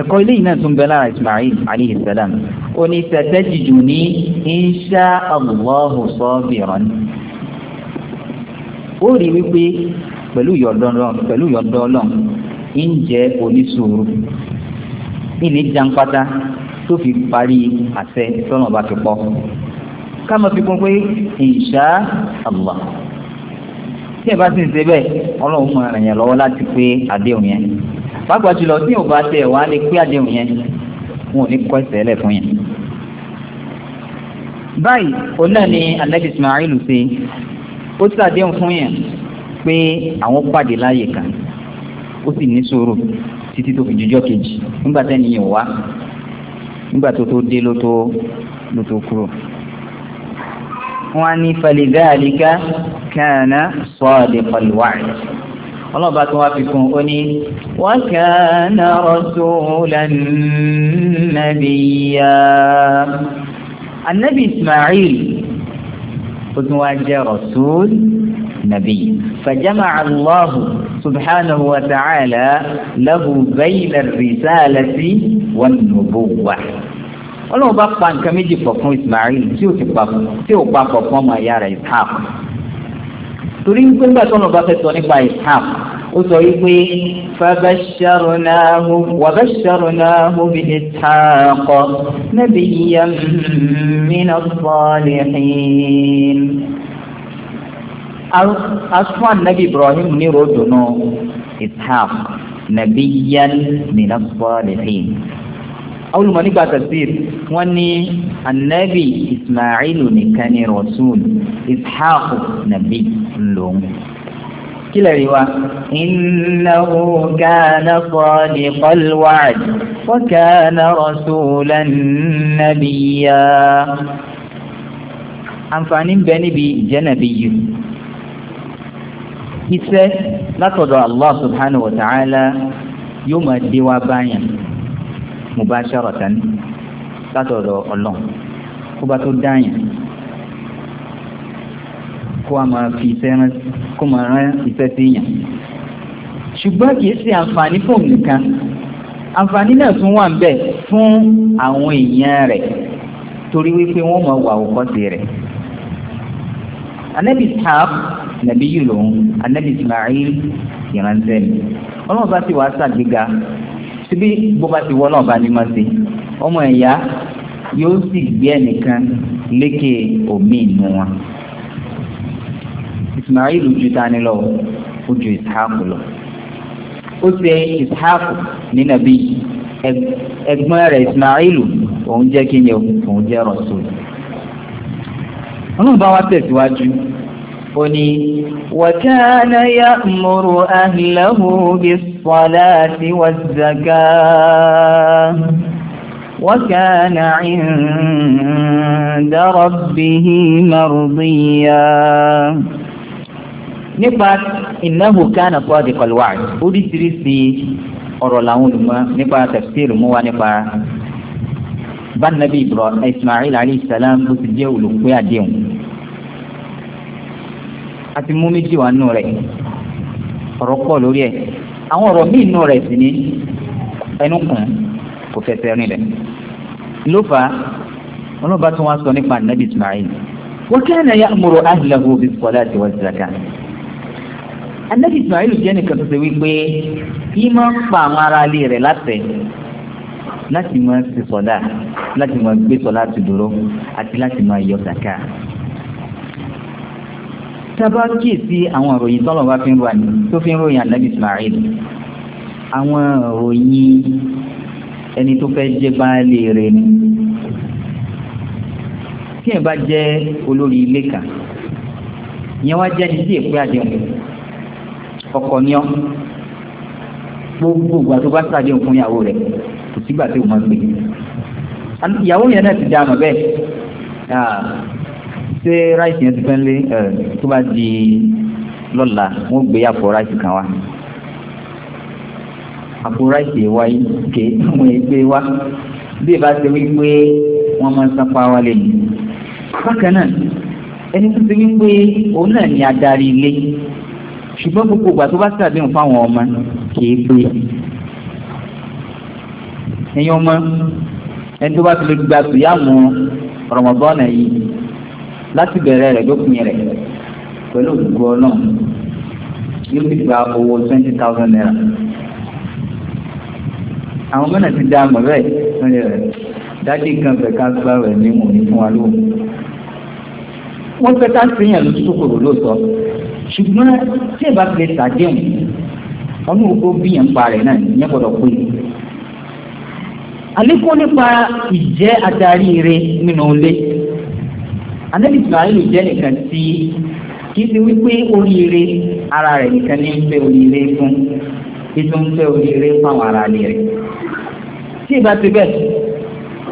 Speaker 1: ẹ̀kọ́ ilé yìí náà tún bẹ lára Ismail alayhi salam ó ní satajiduni insha Allahu sabiran ó rí wípé pẹ̀lú yọ̀dọ̀ ọlọ́run ń jẹ́ oníṣòro ìní jàǹpátá tó fi parí àṣẹ tọ́nà bá fi pọ́ ká fi kún pé insha Allah tí ẹ bá sì ń ṣe bẹ́ẹ̀ ọlọ́run mọ̀ ẹ̀yàn lọ́wọ́ láti pé àdéhùn yẹn pàápàá jùlọ tí ò bá tẹ̀ wá lè pé àdéhùn yẹn wọn ò ní kọ́ ẹsẹ̀ ẹlẹ̀ fún yẹn. báyìí òun náà ni anabi ismail ṣe ó ṣàdéhùn fún yẹn pé àwọn pàdé láàyè kan ó sì ní sùúrù títí tó fi jọjọ́ kejì nígbà tẹ́ni yìí wá nígbà tó tó dé ló tó ló tó kúrò. wọ́n á ní falidhalika kana sadiqal wa'd ọlọ́ba tó wá fi kún ó ní wa kana rasulan nabiyya annabi ismail ó tún wá jẹ́ rasul nabiyy fajama'a Allahu subhanahu wa ta'ala lahu bayna ar-risalati wan-nubuwwah ọlọ́run bá pa nǹkan méjì pọ̀ fún ismail tí ò papọ̀ fún ọmọ ìyá rẹ̀ torí pé nígbà tó ń bá fẹ́ sọ nípa ishaq ó sọ wípé fabashsharnahu wa bashsharnahu bi ishaq nabiyyan min as-salihin asfan nabi ibrahim ní ròdùnú ishaq nabiyyan min salihin àwọn olùmọ̀ nígbà tafsir wọ́n ní anabi ismailu nìkan ni rasul ishaq nabi lòun kílẹ̀ rí wa. innahu kana sadiqal wa'd wa kana rasulan nabiyya. àǹfààní ń bẹ níbi ìjẹ́ nàbí yìí iṣẹ́ látọ̀dọ̀ Allah subhanahu wa ta'ala yóò máa dé wá báyàn mubasharatan látọ̀dọ̀ ọlọ́n kó bá tó dáyàn kó a máa fi iṣẹ́ rán kó máa rán iṣẹ́ sí yàn ṣùgbọ́n kì í ṣe àǹfààní fóun nìkan àǹfààní náà tún wà ń bẹ fún àwọn èèyàn rẹ̀ torí wípé wọ́n máa wà òkọ́sí rẹ̀ anabi Ishaq nàbí yìí lòun anabi Ismail ìránṣẹ́ mi ọlọ́run bá ti wàá ṣàgbéga síbí bó bá ti wọ́ náà bá ní máa ṣe ọmọ ẹ̀yà yóò sì gbé ẹnìkan lékè omi ìmú wọn. Ismail ju tani lọ ó ju Ishaq lọ ó ṣe Ishaq ní nàbí ẹ̀gbọ́n rẹ̀ Ismail òun jẹ́ kí òun jẹ́ rọ̀ṣọ́lù. ọlọ́run bá wa tẹ̀síwájú. فني وكان يأمر أهله بالصلاة والزكاة وكان عند ربه مرضيا نبات إنه كان صادق الوعد ودي سريسي أرولاون ما نبات تفسير مو نبات بان نبي إسماعيل عليه السلام بسجيه في ديون àti mú méjì wà nù rẹ̀ ọ̀rọ̀ pọ̀ lórí ẹ̀ àwọn ọ̀rọ̀ míì nù rẹ̀ sì ní ẹnu kùn kò fẹsẹ̀ rìn lẹ̀ ló fà á ọlọ́ba tó wá sọ nípa nàbì Ismail wa kana ya'muru ahlahu bis-salati waz-zakati anabi Ismail jẹ́ nìkan tó ṣe wípé kí máa ń pa àwọn ará ilé rẹ̀ láṣẹ láti máa ṣe sọ̀dá láti máa gbé sọ̀dá ti dúró àti láti máa yọ sàkà tábà kíì sí àwọn ìròyìn tọ́lọ̀ bá fi ń ròyìn tó fi ń ròyìn ànábì Ismail àwọn ìròyìn ẹni tó fẹ́ jẹ́ baálé rẹ̀ ni tí ẹ bá jẹ́ olórí ilé kan yẹn wá jẹ́ títí èpè àdéhùn ọkọ ní ọ gbogbo ìgbà tó bá sàdéhùn fún ìyàwó rẹ̀ kò sígbà tí ò máa gbé ìyàwó yẹn náà ti dáa bẹ́ẹ̀ ah ṣé ráìsì yẹn ti fẹ́ lé ẹ̀ tó bá di lọ́la wọ́n gbé àpò ráìsì kan wá àpò ráìsì wáyé ké wọ́n yẹ gbé wá bí ìbá ṣe wípé wọ́n máa ń sápá wá lé ní. bákan náà ẹni tó ti wípé òun náà ni adarí ilé ṣùgbọ́n gbogbo ìgbà tó bá ṣàdéhùn fáwọn ọmọ kì pé ẹ̀yin ọmọ ẹni tó bá ti lè gba tùyàmù Ramadan yìí láti bẹ̀rẹ̀ rẹ̀ dópin rẹ̀ pẹ̀lú òdùgbò náà yóò fi gba owó twenty thousand naira àwọn mẹ́nà ti dá àmọ̀ bẹ́ẹ̀ lórí rẹ̀ dájú kan fẹ́ ká gbá rẹ̀ ní mò ní fún wa lóhùn wọ́n fẹ́ ká sí yàn lójú kòkòrò lóòótọ́ ṣùgbọ́n tí ẹ bá fi lè ṣàdéhùn ọdún gbogbo bíyàn pa rẹ̀ náà ìyẹn gbọ́dọ̀ pé àlékún nípa ìjẹ́ adarí rẹ̀ nínú ilé anabi ismail jẹ́ nìkan tí kì í ṣe wípé oríire ara rẹ̀ nìkan ní ń fẹ́ oríire fún títún ń fẹ́ oríire fáwọn ara rẹ̀ rẹ̀ tí ìbá ti bẹ́ẹ̀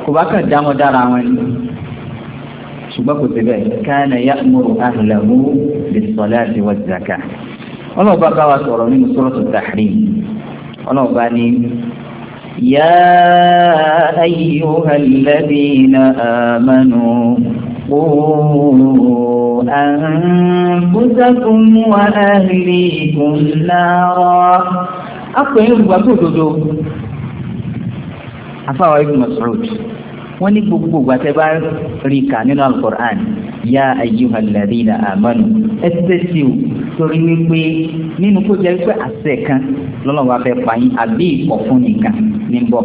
Speaker 1: kò bá kàn dámọ́ dára wọn ni ṣùgbọ́n kò ti bẹ́ẹ̀ káyọ̀nà yá múru ahlahu bis-salati waz-zakah ọlọ́ọ̀bá bá wa sọ̀rọ̀ nínú suratu tahrim ọlọ́ọ̀bá ni. يا أيها الذين آمنوا قوا أنفسكم وأهليكم نارا أقوى يوم gbàgbọ́dọ̀ afáwa ibn Mas'ud wọ́n ní gbogbo gbàtẹ́ bá rí kà nínú alukur'an ya ayyuhal ladina amanu ẹsẹ̀sì o torí wípé nínú kó jẹ́ wípé àṣẹ kan lọ́lọ́wọ́ afẹ́ fàyín àbí ọ̀fun nìkan ní bọ̀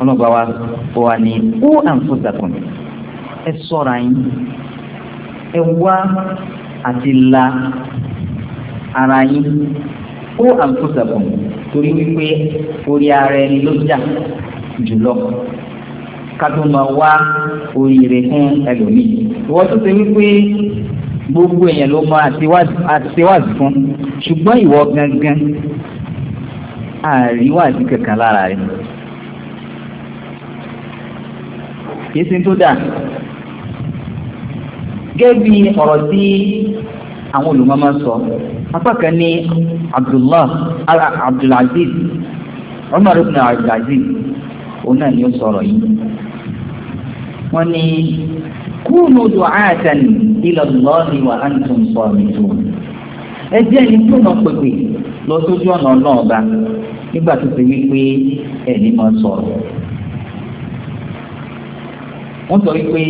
Speaker 1: ọlọ́gbà wa wà ní ó àǹfọ̀sàkùn ẹ sọ́ra yín ẹ wá àti la ara yín ó àǹkóṣàbọ̀ torí wípé orí ara ẹni ló jà jùlọ kátó máa wá oríire fún ẹlòmíì ìwọ́n tó ṣe wípé gbogbo èèyàn ló máa àtiwáàsí fún ṣùgbọ́n ìwọ gangan àríwáàsí kankan lára rẹ̀ kìí ṣe tó dáa. gẹ́bí ọ̀rọ̀ tí àwọn olùmọ́mọ́ sọ apá kan ní abdullah abdulaziz umar ibn abdulaziz òun náà ni ó sọ̀rọ̀ yìí wọ́n ní kúùnù du'atan ila Allahi wa antum samitun ẹ jẹ́ ẹni tó mọ̀ pèpè lọ sójú ọ̀nà náà bá nígbà tó ti wí wọ́n sọ wípé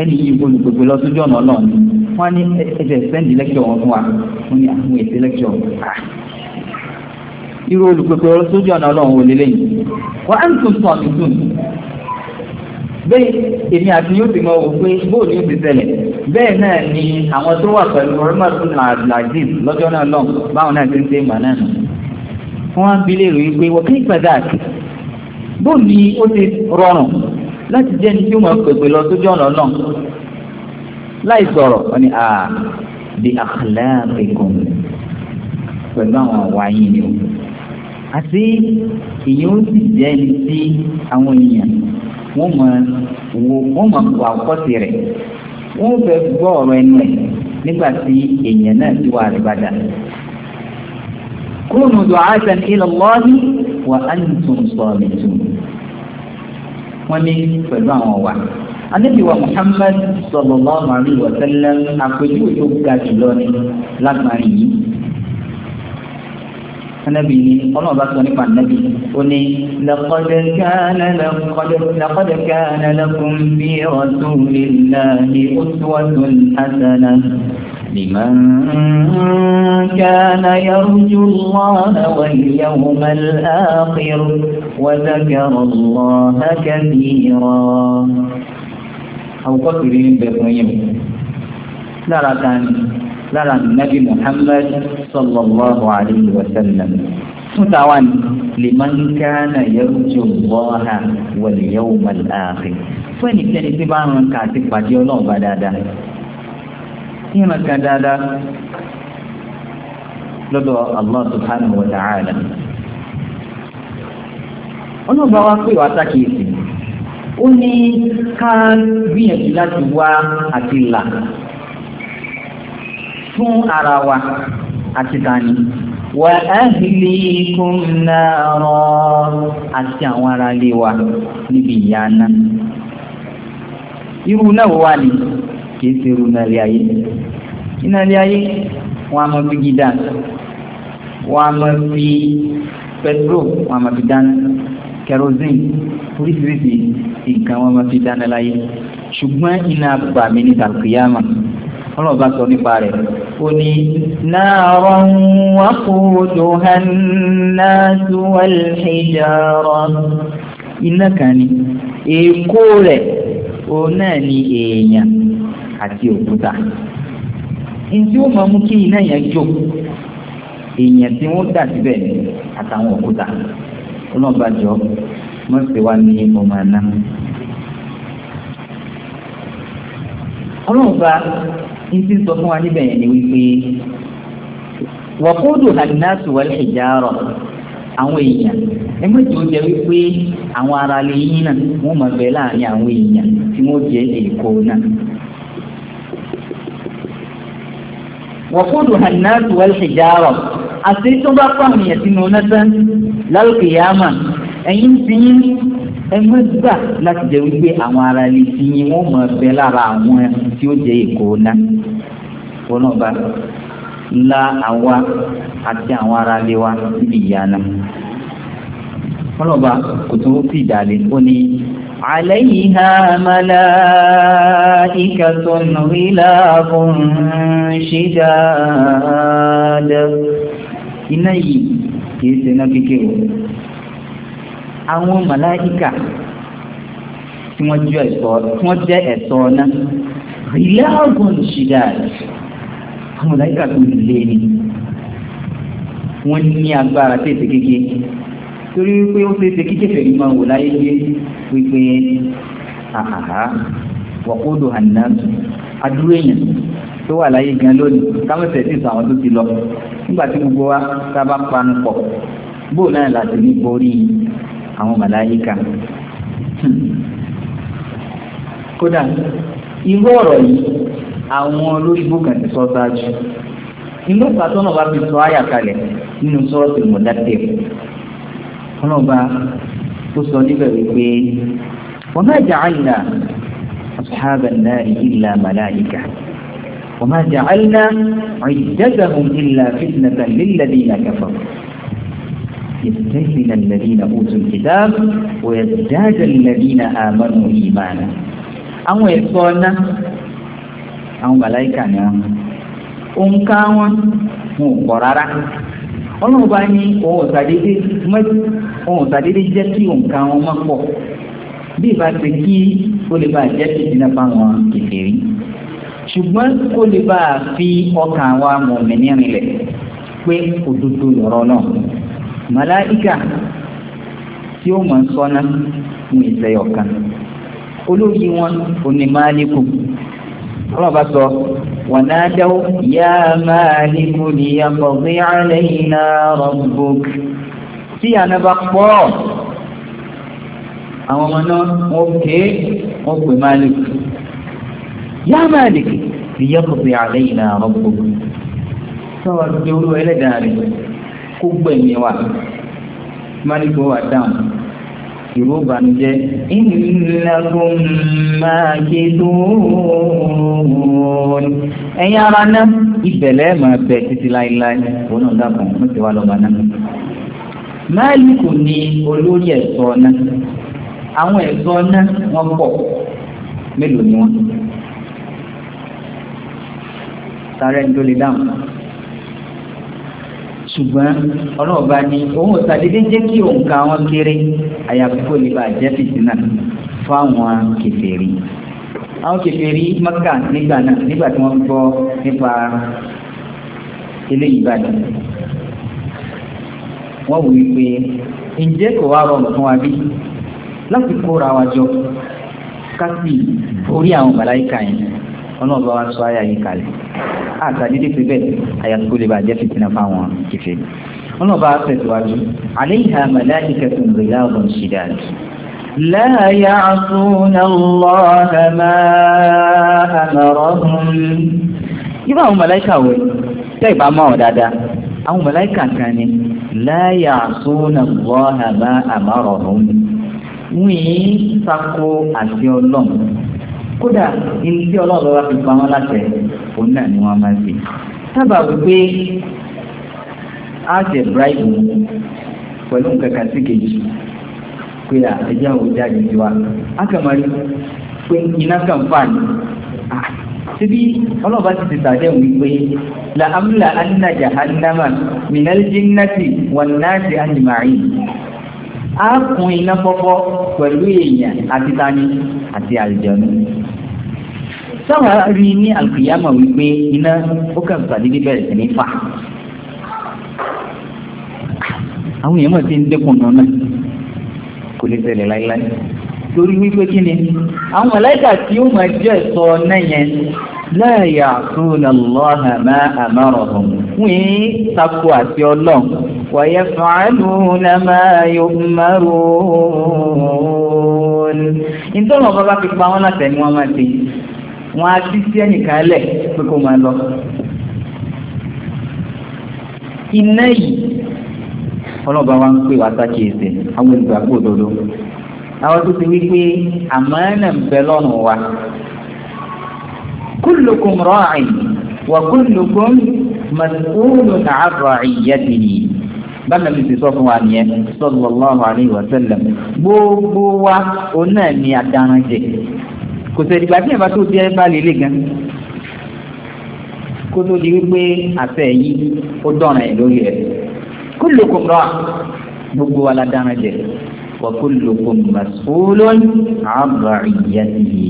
Speaker 1: ẹni yìí olùgbègbè lọ sójú ọ̀nà náà ni wọ́n á ní ẹsẹ̀ sẹ́ndì lẹ́kṣọ̀ wọn fún wa wọ́n ní àwọn èsì lẹ́kṣọ̀ irú olùgbègbè lọ sójú ọ̀nà náà wò lélẹ́yìn wọ́n á tuntun bẹ́ẹ̀ èmi àti yóò ti bóòlù yóò ti bẹ́ẹ̀ náà ni àwọn tó wà pẹ̀lú rọ́mọ̀tún àdìlàjìn lọ́jọ́ náà báwọn náà láti jẹ́ ní kí ó máa pèpè lọ sójú ọ̀nà náà láì sọ̀rọ̀ wọ́n ní àà bí akhlaaqikum pẹ̀lú àwọn àwa yìí ni o àti èyí ó sì jẹ́ ní sí àwọn èèyàn wọ́n máa wọ́n máa wà kọ́sì rẹ̀ wọ́n fẹ́ gbọ́ ọ̀rọ̀ ẹnu ẹ̀ nígbà tí èèyàn náà ti wà àrùbádà. kúnnù du'aatan ila Allahi wa antum samitum wọ́n ní pẹ̀lú àwọn wa. Ànábì wa Muhammad sallallahu alaihi wa sallam àpèjúwe tó ga jùlọ ni lágbàáyé yìí. Ànábì ni ọlọ́run bá sọ nípa ànábì ó ní laqad kana laqad kana lakum fi rasulillahi uswatun hasanah. لمن كان يرجو الله واليوم الآخر وذكر الله كثيرا أو قدر بقيم لا لا تاني لا لا النبي محمد صلى الله عليه وسلم متعوان لمن كان يرجو الله واليوم الآخر فإن كان يتبعنا كاتب فاتيولون بدادا kíran kan dáadáa lọ́dọ̀ Allah subhanahu wa ta'ala ọlọ́ba wa pé wàá sákìyèsí ó ní ká gbìyànjú láti wá àti là fún ara wa àti tani wà ahlikum nara àti àwọn ará ilé wa níbi ìyà náà irú náà wà ní kìí ṣe irú náà rí ayé iná ilé ayé wọn a máa fi gidá wọn a máa fi pẹtrol wọn a máa fi dáná kerosene oríṣiríṣi nǹkan wọn a máa fi dáná láyé ṣùgbọ́n iná bàmí ní tàkìyàmà ọlọ́ọ̀bá sọ nípa rẹ̀ ó ní náàrọ̀ wà kúrò hannáàtú alhìjọ́rọ̀ iná kan ni èkó rẹ̀ ó náà ni èèyàn àti òkúta ntí ó máa mú kí iná yẹn jó èèyàn tí wọ́n dà síbẹ̀ àtàwọn òkúta ọlọ́ọ̀bàjọ́ wọ́n sì wá ní ọmọ àná. ọlọ́ọ̀bà ntí sọ fún wa níbẹ̀ yẹn ni wípé wàkúùdù hànásù wal àwọn èèyàn tí ó jẹ́ wípé àwọn yín náà wọ́n máa láàrin àwọn èèyàn tí wọ́n wọ́kúdù hannáàtù wẹ́lṣẹ̀járọ̀ àti tó bá pàmì ẹ̀sìn onásán lálùkìyàmà ẹ̀yìn tí ẹgbẹ́ gbà láti jẹ́ wípé àwọn ará ilé tí yín wọ́n mọ̀ ẹgbẹ́ lára àwọn tí ó jẹ́ èkó ná fọlọ́ba ńlá àwa àti àwọn ará ilé wa níbi ìyá náà fọlọ́ba kò tó fi ìdàlẹ́ ó ní. عليها ملائكة غلاظ شداد iná yìí kìí ṣe iná kékeré àwọn màláìkà tí wọ́n jẹ́ ẹ̀ṣọ́ tí wọ́n jẹ́ ẹ̀ṣọ́ náà rìláàgùn ṣìdáàdì àwọn màláìkà tó lè ní wọ́n ní agbára tètè kékeré torí pé ó ṣe é ṣe wò láyé gbé wípé àhàhà wọ́kódò àná adúrú èèyàn tó wà láyé gan lónìí káwọn ṣẹ̀ sí àwọn tó ti lọ nígbà tí gbogbo wa tá a bá panu pọ̀ bóò náà láti ní borí àwọn màláyíkà kódà irú ọ̀rọ̀ yìí àwọn olóyìnbó kan ti sọ ṣáájú bá ọlọ́ba tó sọ níbẹ̀ wípé wọ́n ma ja'alna ashaban nari illa malaika wa ma ja'alna 'iddatahum illa fitnatan lilladhina kafaru يستيقن الذين أوتوا الكتاب ويزداد الذين آمنوا إيمانا àwọn ẹ̀sọ́ ọ̀nà àwọn màláìkà ni wọn ń ká wọn ò pọ̀ rárá ọlọ́run bá ní ohun ọ̀sàdédé ohun ọ̀sàdédé jẹ́ kí nǹkan wọn máa pọ̀ bí ìbá ti kí ó lè bá jẹ́ ìdínà fáwọn kèfèrí ṣùgbọ́n kó lè bá fi ọkàn wa mọ̀mìnì rinlẹ̀ pé òdodo lọ̀rọ̀ náà màláìkà tí ó mọ̀ ń sọ́nà ní ìṣẹ̀yọ̀ kan olóyìn wọn onímọ̀ alẹ́kùn ọlọ́run bá sọ wọ́n náà dẹ́wọ́ yá máa ní kú ní ọkọ̀gbé àlẹ́yìn náà rabbuk tí àná bá pọ̀ àwọn ọmọ náà wọ́n ké wọ́n pè Malik yá Malik ní ọkọ̀gbé àlẹ́yìn náà rabbuk sọ́wọ́ ti olúwa ẹlẹ́dàá rẹ̀ kó gbẹ̀mí wa Malik wọ́n wà dáhùn ìró ìbànújẹ́ ìnìlẹ́kùn máa ké dùn. ẹ̀yin ara náà ìbẹ̀lẹ̀ máa bẹ̀ títí láéláé òun náà dàpọ̀ mọ́ ti wá lọ́ba náà. máàlìkù ni olórí ẹ̀sọ́ náà àwọn ẹ̀sọ́ náà wọ́n pọ̀ mélòó ni wọ́n. sáré ń tó lè dáhùn ṣùgbọ́n ọlọ́ọ̀bá ni òun ò sàdédé jẹ́ kí òǹkà wọn kéré àyàfi kó lè bá jẹ́ fìtínà fáwọn kèfèrí àwọn kèfèrí Mẹ́kà nígbà náà nígbà tí wọ́n gbọ́ nípa eléyìí báyìí wọ́n wù wípé ǹjẹ́ kò wá rọrùn fún wa bí láti kóra wa jọ ká sì orí àwọn màláíkà yẹn ọlọ́run bá wa sọ àyà yìí kalẹ̀ àtàdídé pé bẹ́ẹ̀ àyàtúkú lè bá jẹ́ fìtínà fáwọn kìfẹ́ ọlọ́run bá tẹ̀síwájú àléhà màláàkì kẹfìn rìlá ọ̀gbọ̀n ṣìdáàdì لا يعصون الله ما أمرهم Ibá àwọn màláíkà wò tẹ́ ìbá mọ́ ọ̀ dáadáa. Àwọn màláíkà kan ni la ya'suna Allaha ma amarahum. Wọ́n yìí sako àti ọlọ́run kódà ilé tí ọlọ́ọ̀bá wa fi pa wọn láṣẹ òun náà ni wọ́n máa ń fi sábà wípé á ṣe bribe pẹ̀lú nǹkan kan sí kejì pé àtẹ̀jẹ́ àwọn jáde sí wa á kà máa pé iná kan fà ní síbí ọlọ́ọ̀bá ti ti sàdé wípé la amla anna jahannama minal jinnati wan nasi ajma'in á kún iná fọ́fọ́ pẹ̀lú èèyàn àti tani àti àlùjànnú sáwà rí ní àlùkìyàmọ̀ wípé iná ó kà sàdédé bẹ̀rẹ̀ sí ní fà àwọn èèyàn mọ̀ sí ń dẹ́kun náà kò lè ṣẹlẹ̀ láíláí torí wípé kí ni àwọn mọ̀láìkà tí ó máa jẹ́ sọ náà yẹn láàyè àtúnlẹ̀ lọ́hà máa àmọ́rọ̀ ọ̀hún wọ́n takò àti ọlọ́run wàyẹ̀ fàánù na máa yọ márùn-ún. ìtọ́nà bàbá fi pa wọn látẹ̀ ni wọ́n máa ti wọ́n á bí sí ẹnìkan lẹ̀ pé kó máa lọ. iná yìí ọlọ́ba wa ń pè wá sákìyèsí àwọn olùgbàgbọ́ òdodo àwọn tó ti wí pé àmánà ń bẹ lọ́rùn wa kullukum ra'in wa kullukum mas'ulun 'an ra'iyatihi bákan mi ti sọ fún wa nìyẹn sallallahu alayhi wa sallam gbogbo wa òun náà ni kò sẹ́ni gbàtí ẹ̀ bá tó di ẹ̀ bá lè lè gan kó tó di wípé àfẹ́ yìí ó dọ̀nà ẹ̀ lórí ẹ̀ kullukum ra'a gbogbo wa la dáná jẹ wa kullukum mas'ulun 'an ra'iyyatihi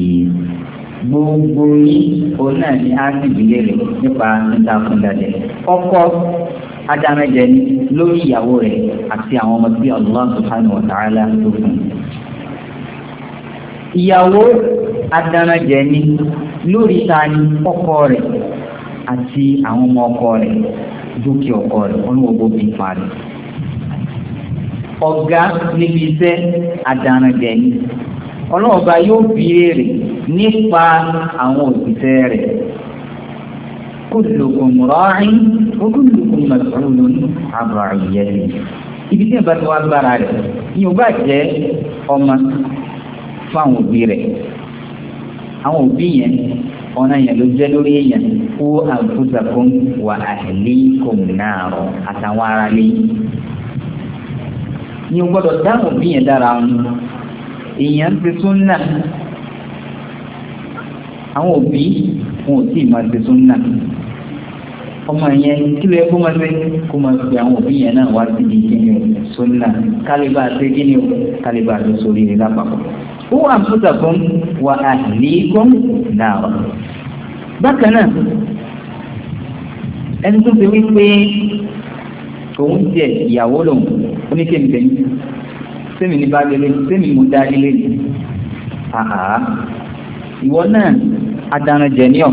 Speaker 1: gbogbo yìí òun náà ní ásìbì léèrè nípa níta fúndàjẹ ọkọ adámẹjẹ lórí ìyàwó rẹ̀ àti àwọn ọmọ tí Allah subhanahu wa ta'ala tó fún un ìyàwó adarajẹ ni lórí ta ni ọkọ rẹ̀ àti àwọn ọmọ ọkọ rẹ̀ dúkìá ọkọ rẹ̀ olùwògbò bíi parí ọ̀gá níbi iṣẹ́ adarajẹ ni ọlọ́ọ̀ba yóò fi èrè nípa àwọn òṣìṣẹ́ rẹ̀ kullukum ra'in wa kullukum mas'ulun 'an ra'iyyatihi ibi tí ìbá ti gbára rẹ̀ yóò bá jẹ́ ọmọ fáwọn òbí rẹ̀ àwọn òbí yẹn ọ̀nà yẹn ló jẹ́ lórí èèyàn kó àǹfùsàkùn wà ahlikum naro àtàwọn ará lé ní o gbọ́dọ̀ dáhùn òbí yẹn dára wọn èèyàn ti súnà àwọn òbí wọn ò tí ì máa ti súnà ọmọ yẹn kí ló yẹ kó máa ṣe kó máa fi àwọn òbí yẹn náà wá sí ibi kíni o sunna kálíbà ṣe kíni o kálíbà ló sórí rẹ lápapọ̀ fún àfúsàkùn wà àhìlíkùn náà bákan náà ẹni tó fi wípé òun tiẹ̀ ìyàwó lòun oníkèmìtẹ́ni sẹ́mi ní balẹ̀lẹ̀ sẹ́mi mo dá ilé ni àhà ìwọ náà adarun jẹ̀niọ̀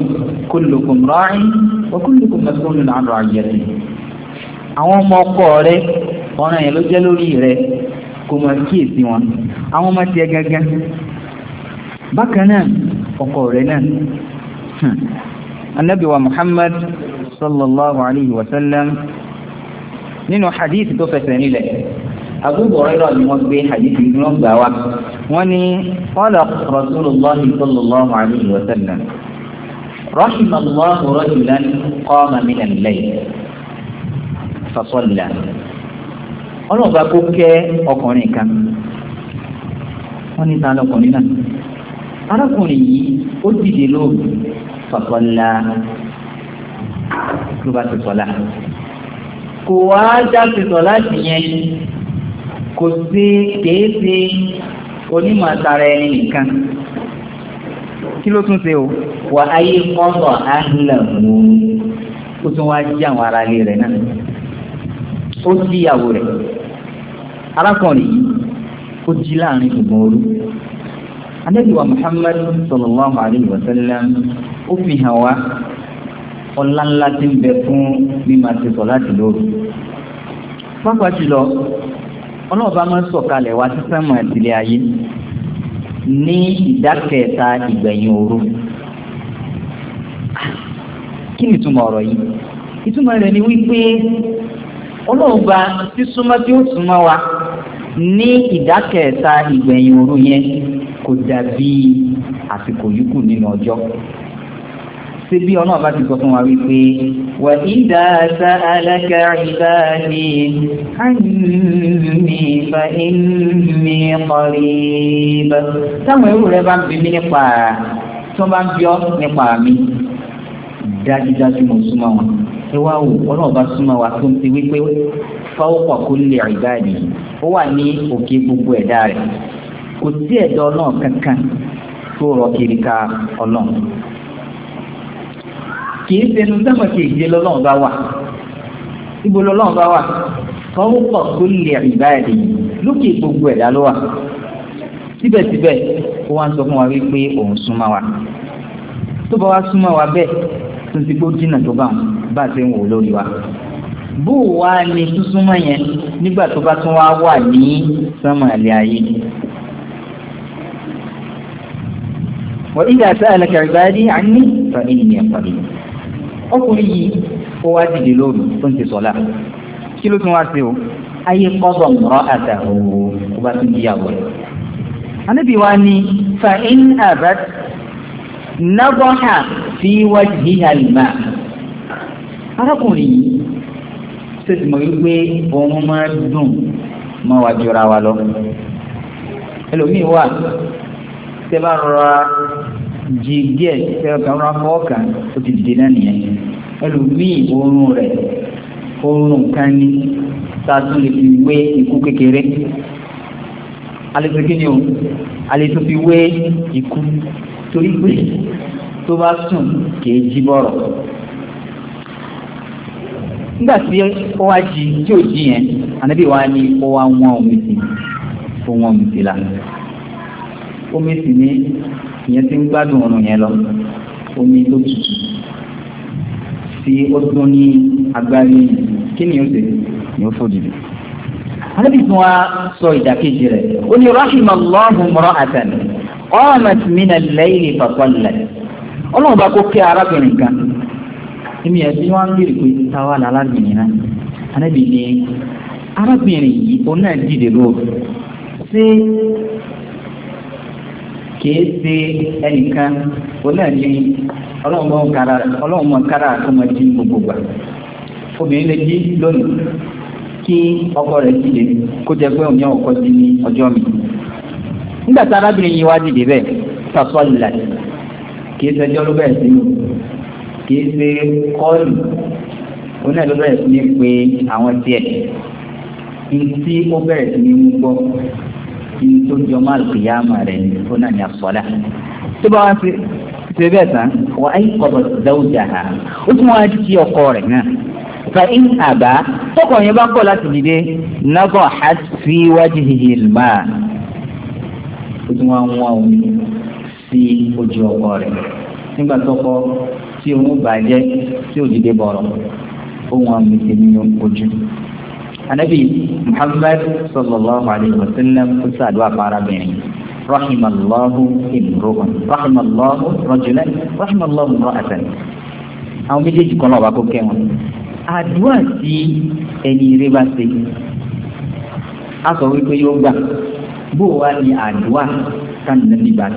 Speaker 1: kullukum ra'in wa kullukum mas'ulun 'an ra'iyati àwọn ọmọ ọkọ rẹ ọ̀ràn yẹn ló jẹ́ lórí rẹ kò mọ̀ kíyèsí wọn àwọn ọmọ tiẹ̀ gangan bákan náà ọkọ rẹ̀ náà anabi hmm. wa muhammad sallallahu alayhi wa sallam nínú hadith tó fẹsẹ̀ nílẹ̀ abúgbòrẹ́rọ̀ ni wọ́n gbé hadith ní wọ́n gbà wá wọ́n ní qala rasulullahi sallallahu alayhi wa sallam rahima allahu rajulan qama min al-layl fasalla ọlọ́ọ̀bá kó kẹ́ ọkùnrin kan wọ́n ní sàn lọkùnrin náà arákùnrin yìí ó dìde lóògùn fàkọ́lá ló bá ti sọ̀lá kò wá jáde sọ̀lá sí yẹn kò sí kèé sí onímọ̀ àtàrà ẹni nìkan kí ló tún ṣe o wà ayé kọ́sọ̀ áhìlẹ̀ mú ó tún wá jí àwọn ará rẹ̀ náà ó sí ìyàwó rẹ̀ arákùnrin yìí ó jí láàrin ṣùgbọ́n òru anábìwá Muhammad sallallahu alayhi wa sallam ó fi hàn wá ọlá ńlá tí ń bẹ fún mímọ àti sọ láti lóru pápá jùlọ ọlọ́ọ̀bá máa ń sọ̀kalẹ̀ wá sí ayé ní ìgbẹ̀yìn òru kí ni ìtumọ̀ ọ̀rọ̀ yìí ìtumọ̀ rẹ̀ ni wípé ọlọ́ọ̀bá sísúnmọ́ tí ní ìdákẹ́ẹ̀ta ìgbẹ̀yìn òru yẹn kò dàbí àsìkò yòókù nínú ọjọ́ ṣe bí ọ̀nà bá ti sọ fún wa wípé wà ìdá àṣà alága ìdá ni àìní fa ìní kọ̀rìbà táwọn ẹrú rẹ bá ń bi mí nípa tí bá ń bi ọ́ nípa mi dájúdájú mo súnmọ́ wọn ẹ wá wò ọ̀nà bá súnmọ́ wa tó ń ti wípé fáwọ́pọ̀ kó lè ìbáàdì ó wà ní òkè gbogbo ẹ̀dá rẹ̀ kò sí ẹ̀dá náà kankan tó rọ kiri ka ọlọ́run kì í ṣẹnu sábà lọ́lọ́run bá wà ibo lọ́lọ́run bá wà fáwọ́pọ̀ kó lè lókè gbogbo ẹ̀dá ló wà síbẹ̀síbẹ̀ ó wá ń sọ fún wa wípé òun wa tó bá súnmọ́ wa bẹ́ẹ̀ tó wa. bó wá ní súnsúnmọ́ yẹn nígbà tó bá tún wá wà ní sánmàlẹ̀ ayé wọ́n ìgbà tá a lọ́kẹ̀ rẹ̀ báyìí a ní sọ̀rọ̀ ìní ẹ̀kọ́ mi ọkùnrin yìí ó wá dìde lóru tó ń ti sọ̀lá kí ló tún wá sí o ayé kọ́bọ̀ mọ́ àtàwọn ó bá tún yíyàwó rẹ̀ anábì wa ní fa in abat fi wájú híhà lè máa arákùnrin yìí tó sì mọ̀ wípé òun máa dùn máa wà jura wa lọ. ẹlòmíì wà tẹ́ bá rọra jí díẹ̀ tẹ́ ọkàn rọra fọwọ́ kan ó ti dìde náà nìyẹn ẹlòmíì oorun rẹ̀ oorun kan ní sátún lè fi wé ikú kékeré alẹ́sẹ̀kí ni o alẹ́ tó fi wé ikú torí pé tó bá sùn kì í jí bọ̀rọ̀ nígbà tí ó wá jí tí ò jí yẹn ànábì wa ni ó wá wọ́n omi sí ó wọ́n omi sí la omi sì ni ìyẹn ti ń gbádùn ọ̀run yẹn lọ omi tó tutù tí ó tún ní agbárí kí ni ó ṣe ni ó fò dìde. ànábì tún wá sọ ìdàkejì rẹ̀ ó ní rahimallahu imra'atan qamat min al-layli fa ọlọ́run bá kó kí arábìnrin kan. èmi ẹ̀sìn wá ń bèèrè pé táwa là arábìnrin náà anábì ni yìí òun náà dìde lọ ṣé kìí ṣe ẹnìkan òun náà ní ọlọ́run mọ kára àtọmọdé gbogbo gbà obìnrin lè lónìí kí ọkọ rẹ̀ dìde kó pé òun yẹn ọkọ ní mi nígbà tí arábìnrin yìí wá dìde bẹ́ẹ̀ kìí ló sínú kìí ṣe kọ́ọ̀lù òun náà ló bẹ̀rẹ̀ sí ní pé àwọn tiẹ̀ ntí ó bẹ̀rẹ̀ sí ní mú gbọ́ tó jọ máa kìyàmà rẹ̀ ní òun náà ní àfọlá tó bá wọn ṣe bẹ́ẹ̀ tán wọ́n á yí kọ̀bọ̀ dáwùjà ha ó tún wọn á kí ọkọ rẹ̀ náà fàyín àbá tọkọ yẹn bá kọ̀ láti dìde nàgọ̀ àti wájú ìhìlmá ó tún wọn wọ́n omi sí ojú ọkọ rẹ̀ tí òun bàjẹ́ tí ò dìde bọ̀rọ̀ ohun àmì tèmi ní ojú. anabi muhammad sallallahu alayhi wa sallam ó sàdúrà fárábìnrin rahimallahu imru'an rahimallahu rajulan rahimallahu imra'atan àwọn méjèèjì kan náà wà kó kẹ́wọ̀n àdúrà tí ẹni rẹ bá ṣe a sọ wípé yóò gbà bó wa ni àdúrà kan nàbí bá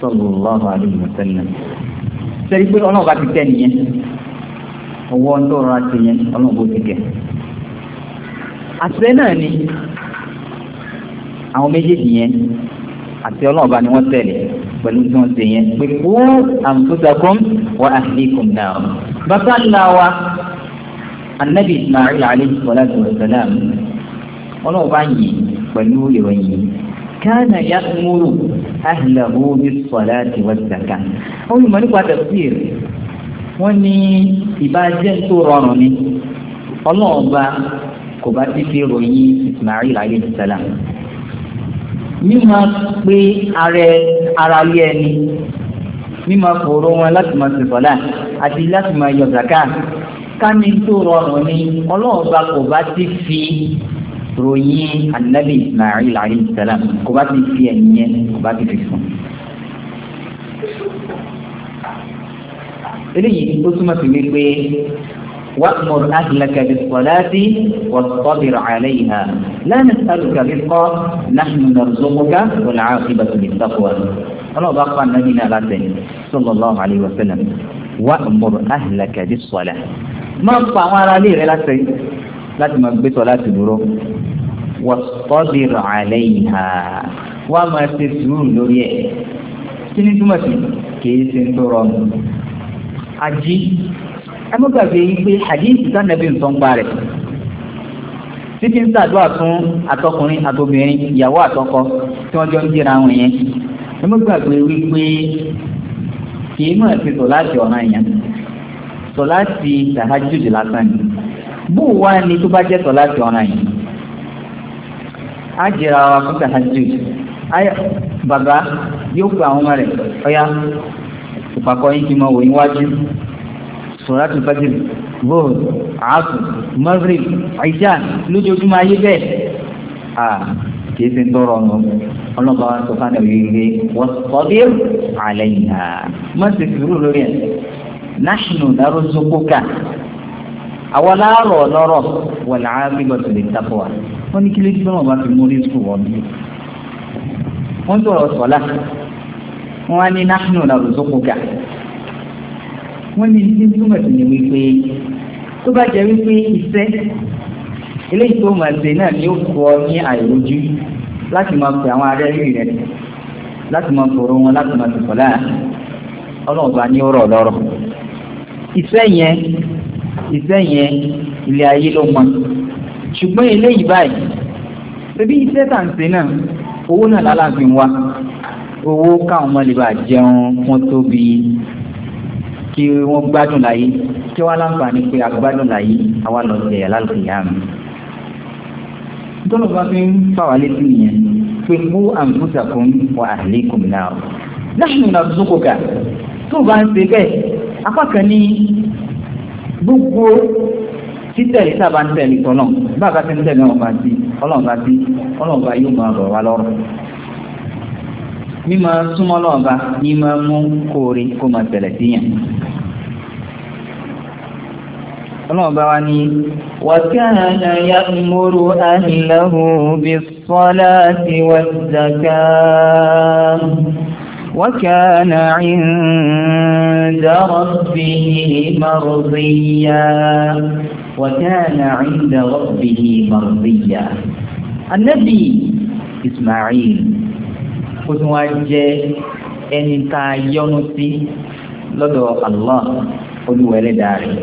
Speaker 1: sallallahu alayhi wa sallam sẹ́rí pé ọlọ́run bá ti tẹ́ nìyẹn ọwọ́ ń tọrọ àti yẹn ọlọ́run bó ti kẹ́ àṣẹ náà ni àwọn méjèèjì yẹn àti ọlọ́run bá ni wọ́n tẹ̀lé pẹ̀lú tí wọ́n ṣe yẹn pé kó àǹtúntàkùn wà ahlikum náà bàbá ńlá wa anabi ismail alayhi salatu ọlọ́run bá yìí pẹ̀lú ìròyìn كان يأمر أهله بالصلاة والزكاة أول ما نقع تفسير وني إباجة رانوني الله أبا كباتي في رؤية إسماعيل عليه السلام mímọ pé ara ara lé ẹni mímọ fòrò wọn láti máa ṣe sọlá àti láti máa yọ zaka ká ní tó rọrùn ni ọlọ́ọ̀ba kò bá ti fi روئي النبي اسماعيل عليه السلام كبات في النين كبات في السن إلي قسمة مكوي وأمر أهلك بالصلاة واصطبر عليها لا نسألك رزقا نحن نرزقك والعاقبة للتقوى أنا بقى النبي نغازي صلى الله عليه وسلم وأمر أهلك بالصلاة ما أصبح على لي غلاسي láti máa gbé sọ láti dúró wọ́sọ́dìrọ̀ àlẹ́ ìhà wọ́n á máa ṣe sùúrù lórí ẹ̀ kí ni túmọ̀ sí kìí ṣe ń tó rọrùn. ají ẹ mọ́ gbàgbé yìí pé hadith sanabi ń sọ́n pa rẹ̀ títí ń ṣàdúrà fún àtọkùnrin àtobìnrin ìyàwó àtọkọ tí wọ́n jọ ń jíra wọn yẹn ẹ mọ́ gbàgbé wípé kìí mọ̀ sí sọ láti ọ̀ràn yẹn sọ láti tahajjud lásán ni bó o wá ní tó bá jẹ́ sọ láti ọ̀ràn yìí á jẹra wa fún tahajjud bàbá yóò pe àwọn ọmọ rẹ̀ ọ̀yá ìpàkọ́ yín kí n máa wò yín wájú sọ̀rọ̀ àti fajr bóòlù àásù maghrib àìsà lójoojúmọ́ ayé bẹ́ẹ̀ à kìí ṣe ń tọrọ ọ̀nà ọlọ́ba wa sọ fún àwọn ìwé wasbir alayha má ṣe sùúrù lórí ẹ̀ national darosoko ká àwọn láàárọ̀ ọlọ́rọ̀ wà láàárín gbọ́dọ̀ lè tapọ̀ wa wọ́n ní kí lè gbọ́dọ̀ bá fi mú orí sùn wọ́n bí. wọ́n sọ̀rọ̀ sọ̀lá wọ́n á ní náhùnù náà lọ́sọ̀kọ̀ gà wọ́n ní ní túmọ̀ sí ni wípé tó bá jẹ́ wípé iṣẹ́ eléyìí tó máa ṣe náà ni ó kọ́ ní láti máa pè àwọn ará rẹ̀ láti iṣẹ́ yẹn ilé ayé ló mọ ṣùgbọ́n eléyìí báyìí bébí iṣẹ́ tà ń ṣe náà owó náà lálàfin wa owó káwọn ọmọ lè bá jẹun wọn tóbi kí wọ́n gbádùn láyé kí wọ́n láǹfààní pé agbádùn láyé àwa lọ sí aláàlùkìyàmù tọ́lọ̀ bá fi ń fàwà létí nìyẹn pé mú àǹfùsàkùn wà àlékún náà láàrin ìrìnàjò sókòkà tó bá ń ṣe bẹ́ẹ̀ apá kan ní gbogbo títẹ̀lé sábà ń tẹ̀lé tọ́nà báàbá ti ń tẹ̀lé ọ̀nà àti ọlọ́ọ̀bá tí ọlọ́ọ̀bá yóò máa rọ̀ wá lọ́rọ̀ mímọ súnmọ́ ọlọ́ọ̀bá ní máa mú kóore kó máa tẹ̀lé síyàn ọlọ́ọ̀bá wa ní wàkánà ya múrú ahìlẹ́hùn bí sọ́lá ti wà zàkáà وكان عند ربه مرضيا وكان عند ربه مرضيا النبي إسماعيل وتواجه أن تايونتي لدو الله قلوا لداري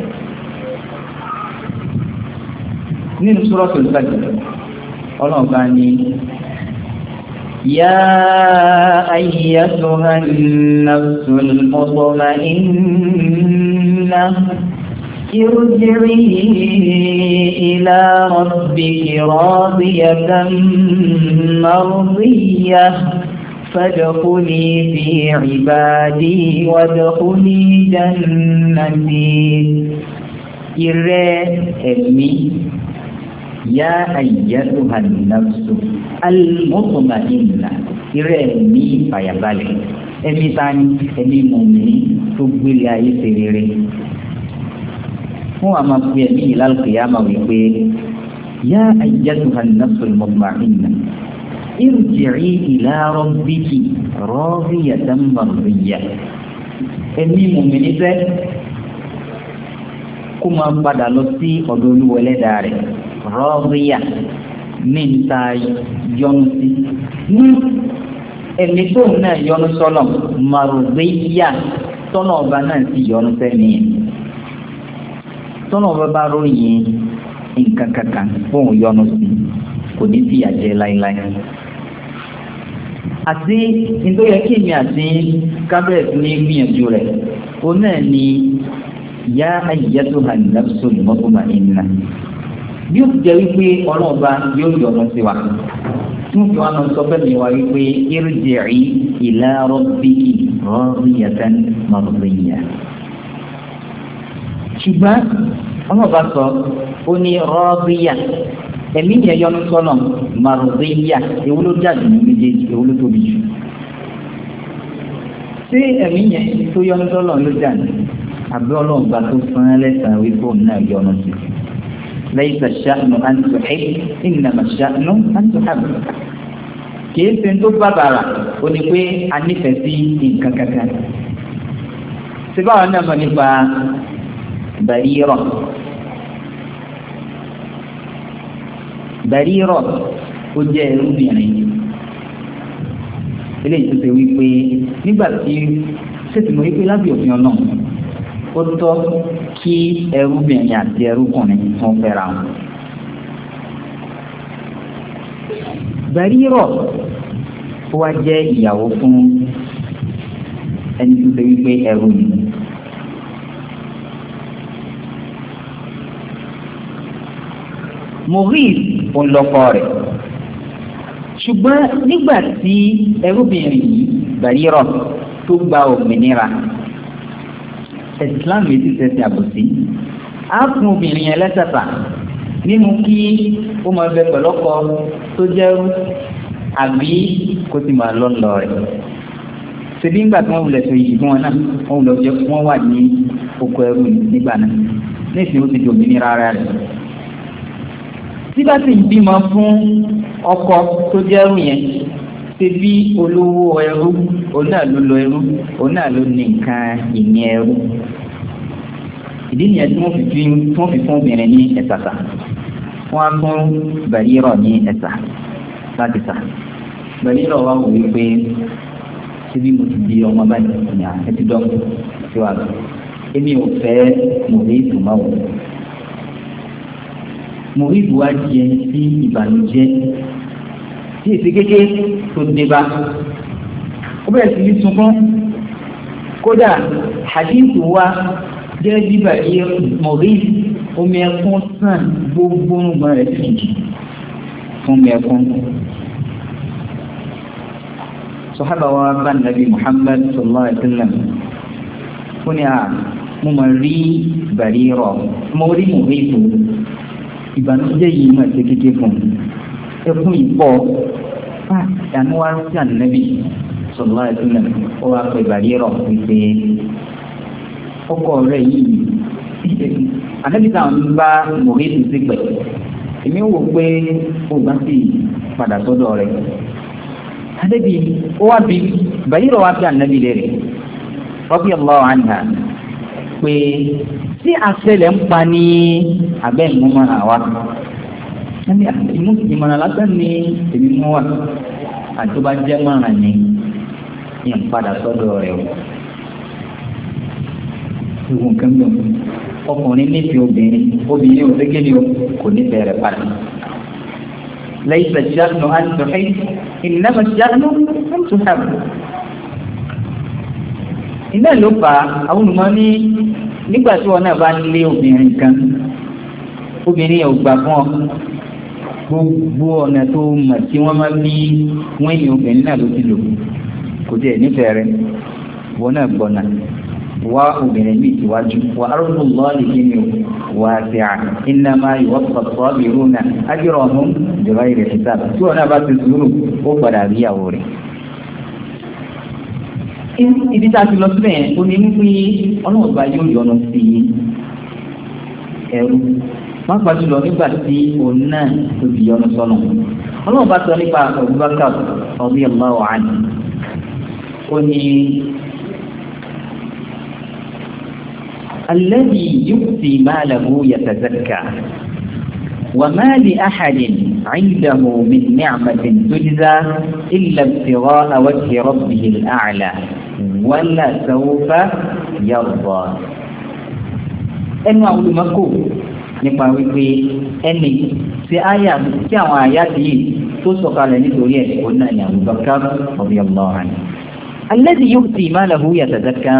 Speaker 1: من سورة الفجر ọlọ́ọ̀bá ni يا أيتها النفس المطمئنة ارجعي إلى ربك راضية مرضية فادخلي في عبادي وادخلي جنتي إرى أمي يا أيتها النفس alimọ́tòmáìnà irẹ́ ẹ̀mí ìfàyàbalẹ̀ ẹ̀mí tani ẹ̀mí mọ̀mí tó gbélé ayé ṣe rere. fún àmà pé ẹ̀mí yìí lálùkù yá máa wípé yá àjẹsùn hànàfẹ́ mọ̀tòmáìnà irji'i ila rabbiki radiyatan mardiyya ẹ̀mí mọ̀mí nífẹ̀ẹ́ kó máa padà lọ sí ọ̀dọ̀ olúwọlẹ́dà rẹ̀
Speaker 2: rọ́ọ̀bíyà
Speaker 1: ní ta yọnu sí ní ẹni tó ń náà yọnu sọlọ màrúbíyà tọ́nà ọba náà sì yọnu sẹ́ni yẹn tọ́nà ọba bá ròyìn nǹkan kankan fóun yọnu sí kò ní fìyà jẹ láéláé àti nítorí yẹ kí èmi àti kábẹ́ẹ̀tì ní gbìyànjú rẹ̀ òun náà ni yá ayíyá tó hàn lábùsọ̀ lùmọ́tò màá bí ó ti jẹ́ wípé ọlọ́ọ̀ba yóò yọ ọ̀rọ̀ sí wa tún fi wọn lọ sọ bẹ́ẹ̀ ni wa wípé irji'i ila rabbiki radiyatan mardiyyah ṣùgbọ́n ọlọ́ọ̀ba sọ ó ní rọ́ọ̀bìyà ẹ̀mí yẹn yọnu sọ́nà mardiyyah èwo ló dàbí ní méjèèjì èwo ló tóbi jù ṣé ẹ̀mí yẹn tó yọnu sọ́nà ló dàbí àbí ọlọ́ọ̀ba tó fún ẹlẹ́sàn wípé òun náà yọnu sí i. ليس الشأن أن تحب إنما الشأن أن تحب kìí ṣe tó bàbàrà ó ní pé a nífẹ̀ẹ́ sí nǹkan kankan síbáwá náà mọ̀ nípa bàrírọ̀ bàrírọ̀ ó jẹ́ ẹrúbìnrin eléyìí tó ṣe wípé nígbà tí ṣètìmọ̀ wípé lábẹ́ òfin ọlọ́run ó tọ́ kí ẹrúbìnrin àti ẹrúkùnrin tún fẹ́ra wọn. Bẹ̀rírọ̀ ó wá jẹ́ ìyàwó fún ẹni tó ṣe wípé ẹrú ni. Mohit ń lọ́kọ rẹ̀ ṣùgbọ́n nígbà tí ẹrúbìnrin yìí bẹ̀rírọ̀ tó gba òmìnira. Islam yìí ti tẹ̀sí àbòsí á fún obìnrin yẹn lẹ́sẹ̀fà nínú kí ó máa bẹ pẹ̀lú ọkọ tó jẹ́rú àbí kó ti máa lọ lọ rẹ̀ ṣebí ńgbà tí wọ́n wulẹ̀ tó yìí fún wọn náà wọ́n wulẹ̀ jẹ́ wọ́n wà ní oko ẹrú nígbà náà nísìnyí ó ti di òmìnira ara rẹ̀ tí bá fún ọkọ tó jẹ́rú yẹn ṣebí olówó ẹrú òun náà ló lo ẹrú òun náà ló ní nǹkan ìní ẹrú ìdí nìyẹn tí wọ́n fi fi tí wọ́n fi fún obìnrin ní ẹ̀sàsà wọ́n á fún bàyírọ̀ ní ẹ̀sà láti sà bàyírọ̀ wa wò wípé síbí mo ti di ọmọ báyìí ní àti dọ́kù sí wa èmi ò fẹ́ mòrídù máa wò mòrídù wa jẹ sí ìbànújẹ́ tí èsì kékeré tó dé ó bẹ̀rẹ̀ sí ní sunkún kódà hadithu wa jẹ́ bíbà iye mọ̀rí omi ẹkún sàn gbogbo ọgbọ̀n rẹ̀ sì fún mi ẹkún. sọ́hábà wa bá nàbí Muhammad sallallahu alayhi wa sallam fún ni a mo mọ̀ rí bàrí rọ̀ mo rí mọ̀rí fún ìbànújẹ́ yìí mà ṣe kékeré fún ẹkún ìpọ̀ ah ìdánwò wa ń sọlá ìpínlẹ̀ ó wá pè bàrí rọ̀ wípé ọkọ rẹ̀ yìí àdébìtà ń bá mòrídìí sí pẹ̀ èmi wò pé o bá sì padà sọ́dọ̀ rẹ̀ àdébì ó wá bí bàrí rọ̀ wá bí ànábì rẹ̀ rọ́bì ọlọ́ àná pé tí àṣẹlẹ̀ ń pa ní abẹ́ ìmúmọ́ àwa ìmúmọ́ ìmọ̀ràn lásán ni èmi mú wà àti tó bá jẹ́ mọ̀ràn ni yẹn padà sọ́dọ̀ rẹ̀ o. Ìwọ̀n kan mi ò ọkùnrin nífẹ̀ẹ́ obìnrin obìnrin ò dégé ni o kò nífẹ̀ẹ́ rẹ̀ padà. ليس الشأن أن تحب إنما الشأن أن تحب iná ló fà á àwọn olùmọ̀ ní nígbà tí wọn náà bá lé obìnrin kan obìnrin yẹn ò gbà fún ọ gbogbo ọ̀nà tó mọ̀ tí wọ́n máa bí wọ́n ènìyàn obìnrin náà ló ti lò kò tiẹ̀ nífẹ̀ẹ́ rẹ wọn náà gbọ́nà wá obìnrin bíi tiwájú wà arúgbó lọ́ọ̀lì kíni wà á ti à iná máa yọ pọ̀pọ̀ ìrú náà ájúrò ọ̀hún ìjọba ìrẹ̀ sísá tí wọn bá ti sùúrù ó padà rí ìyàwó rẹ̀. ibi tá a ti lọ síbẹ̀ yẹn ó ní wípé ọlọ́run bá yóò yọnu sí ẹrú wọ́n pàṣẹ lọ nígbà tí òun náà tó fi yọnu sọ́nù ọlọ́run bá sọ nípa Abubakar ọ̀bí ọ̀lá يحفني الذي يؤتي ماله يتزكى وما لأحد عنده من نعمة تجزى إلا ابتغاء وجه ربه الأعلى ولا سوف يرضى أنواع المكو نقوى ويكوي أني في آية في آيات تسوق على نتوريه قلنا أن أبو بكر رضي الله عنه alẹ́dì yóò ti ìmá làhú yàtàdáká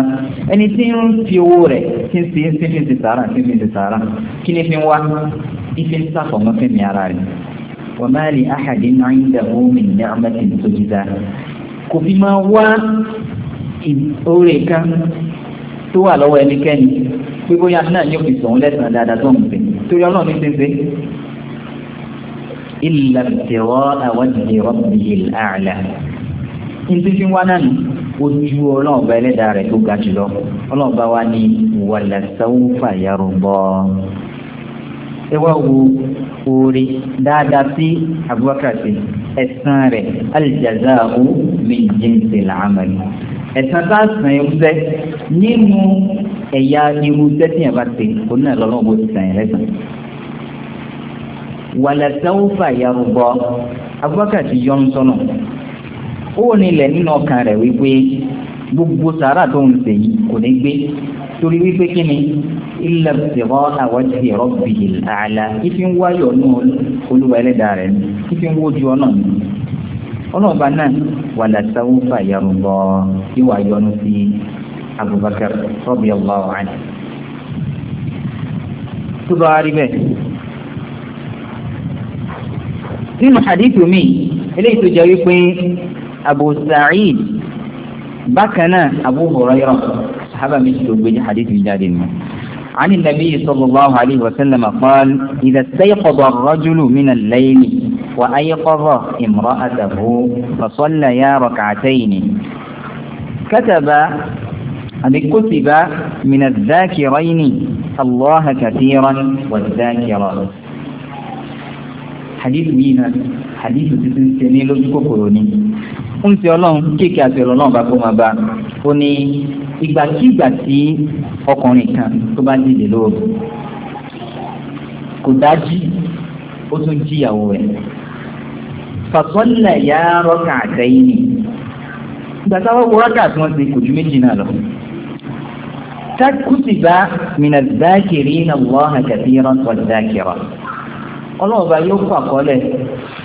Speaker 1: ẹni tí ń fi owó rẹ̀ tí ń fi ń fi ti sàárà tí ń fi ti sàárà kí ni fi ń wá ife ń sàfọ̀mọ́ fẹ́ mi ara rẹ̀ wọ́n máa lè áhàdé náà ń dà ó mi ní àmàtì tó jíjá kò fi máa wá oore kan tó wà lọ́wọ́ ẹnikẹ́ni pé bóyá náà yóò fi sọ̀hún lẹ́sàn dáadáa tó ń pè torí ọlọ́run ní ṣe ṣe ilà tẹ̀wọ́ àwọn ìdè rọ́bì yìí Ní ti fi wá náà nù ojú ọlọ́run bá ẹlẹ́dàá rẹ̀ tó ga jùlọ ọlọ́run bá wá ní wàlàsáwùfà yarùbọ. ẹ wá wo oore dáadáa sí abubakar sí ẹ̀san rẹ̀ aljaza'u min jinsil amal ẹ̀san tá a sàn ẹ̀ fẹ́ nínú ẹ̀yà irú tẹ́tìyàn bá ti òun náà ti sàn ẹ̀ lẹ́sàn. wàlàsáwùfà yarùbọ abubakar ti yọ ń sọnù ó nílẹ̀ nínú ọkàn rẹ̀ wípé gbogbo sàárà tó ń ṣe yìí kò ní gbé torí wípé kí ni ilẹ̀ tìrọ àwọn ti rọ́bì àlà ìfi ń wáyọ̀ ní olúwa ẹlẹ́dàá rẹ̀ ni ìfi ń wójú ọ̀nà ni ọlọ́ọ̀bá náà wà látàwọ́ fàyàrù lọ ìwà yọnu sí Abubakar radiyallahu anhu. tó bá rí bẹ́ẹ̀ nínú hadithu mi eléyìí tó jẹ́ wípé أبو سعيد بكنا أبو هريرة صحابة مثل بني حديث من عن النبي صلى الله عليه وسلم قال إذا استيقظ الرجل من الليل وأيقظ امرأته فصلى يا ركعتين كتب أن كتب من الذاكرين الله كثيرا والذاكرات حديث مين حديث سنين لسكفرني ń ti ọlọ́run kéèké àti ọ̀rọ̀ náà bá kó máa bá ó ní ìgbàkígbà tí ọkùnrin kan tó bá dìde lóru kò dájú ó tún jíyàwó rẹ̀ fàtọ́lẹ̀ yá rọ́kà àtẹ́yìn ni ìgbà táwọn wo rọ́kà tí wọ́n ti kò ju méjì náà lọ. tákùtìbá mìnà dákìrì iná wọ́n kàtí tó dákìrọ̀ ọlọ́ọ̀bá yóò kọ́ àkọọ́lẹ̀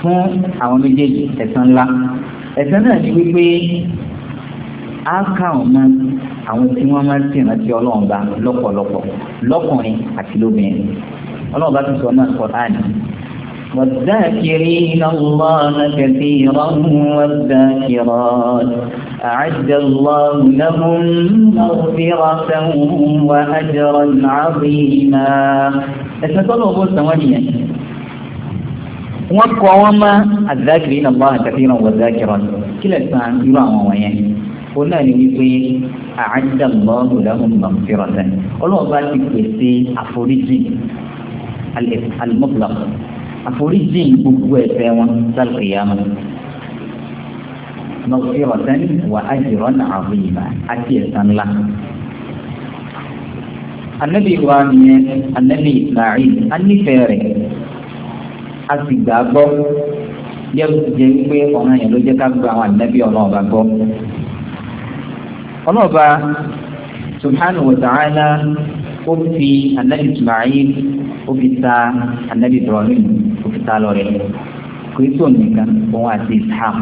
Speaker 1: fún àwọn méjèèjì ẹ̀san ńlá ẹ̀sẹ̀ náà ti wípé á kà ọ́ mọ́ àwọn tí wọ́n máa ń sìn rántí ọlọ́run bá lọ́pọ̀lọpọ̀ lọ́kùnrin àti lóbìnrin ọlọ́run ti sọ náà Kùránì. والذاكرين الله كثيرا والذاكرات أعد الله لهم مغفرة وأجرا عظيما. إذا طلبوا الثمانية wọ́n kọ́ wọn mọ́ àdáàkiri iná bá àtàkì iná wọ́n dákìrọ̀ ni kí lè san irú àwọn wọ̀nyẹn ó náà ní wípé àádá lọ́ọ̀rù lẹ́hùn mọ̀fìrọ̀ tẹ̀ ọlọ́wọ́ bá ti pèsè àforíjì alimọ́bùlọ̀ àforíjì gbogbo ẹ̀fẹ́ wọn sálùkìyàmù mọ̀fìrọ̀ tẹ̀ wà á jìrọ̀ náà àbúyè bá àti ẹ̀sán ńlá. النبي إبراهيم النبي إسماعيل النفير a sì gbà á gbọ́ yẹ kó ti jẹ́ pé ọ̀ràn yẹn ló jẹ́ ká gba àwọn ànábì ọlọ́ọ̀bá gbọ́. ọlọ́ọ̀bá subhanahu wa ta'ala ó fi ànábì Ismail ó fi ta ànábì Ibrahim ó fi ta lọ́rẹ̀ kò tó nìkan òun àti Ishaq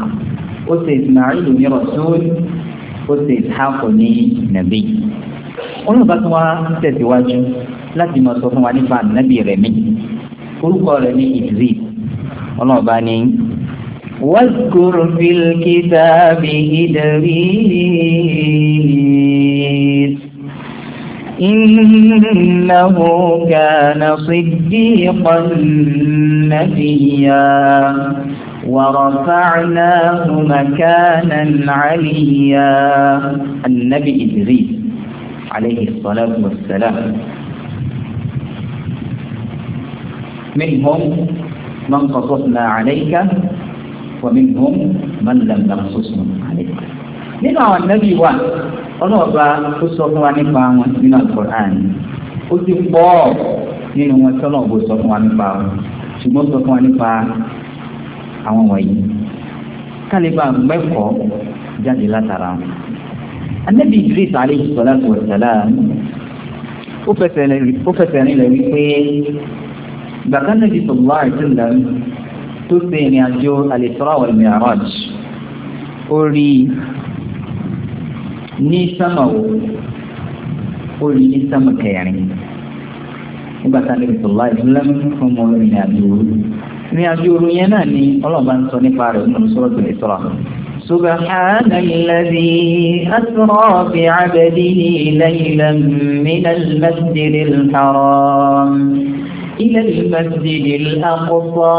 Speaker 1: ó ṣe Ismail ní rasul ó ṣe Ishaq ní nàbí ọlọ́ọ̀bá tí wọ́n tẹ̀síwájú láti máa sọ fún wa nípa ànábì rẹ̀ mí. orúkọ rẹ̀ ní idris ọlọ́ọ̀bá واذكر في الكتاب إدريس إنه كان صديقا نبيا ورفعناه مكانا عليا النبي إدريس عليه الصلاة والسلام منهم من قصصنا عليك ومنهم من لم نقصصنا عليك nínú النبي nẹ́bí wa ọlọ́ọ̀ba ó sọ fún wa nípa wọn nínú alukur'an ó ti pọ̀ nínú wọn tí ọlọ́ọ̀bù sọ fún wa nípa wọn ṣùgbọ́n sọ fún wa nípa àwọn wọ̀nyí kálíbà mẹ́kọ̀ọ́ jáde látara wọn. anẹ́bí idris alayhi salatu wa salam ó fẹsẹ̀ rìn lẹ́wí pé bàtà nàbí sọ̀lá ìtìlẹ̀ tó ṣe ìrìn àjò al-Isra wal-Mi'raj ó rí ní sámà wò ó rí ní sámà kẹrin nígbà tá a nàbí sọ̀lá ìtìlẹ̀ fún mọ́ ìrìn àjò ìrìn àjò òru yẹn náà ni ọlọ́ọ̀bá ń sọ nípa rẹ̀ nínú suratul Isra. سبحان الذي أسرى بعبده ليلا من المسجد الحرام إلى المسجد الأقصى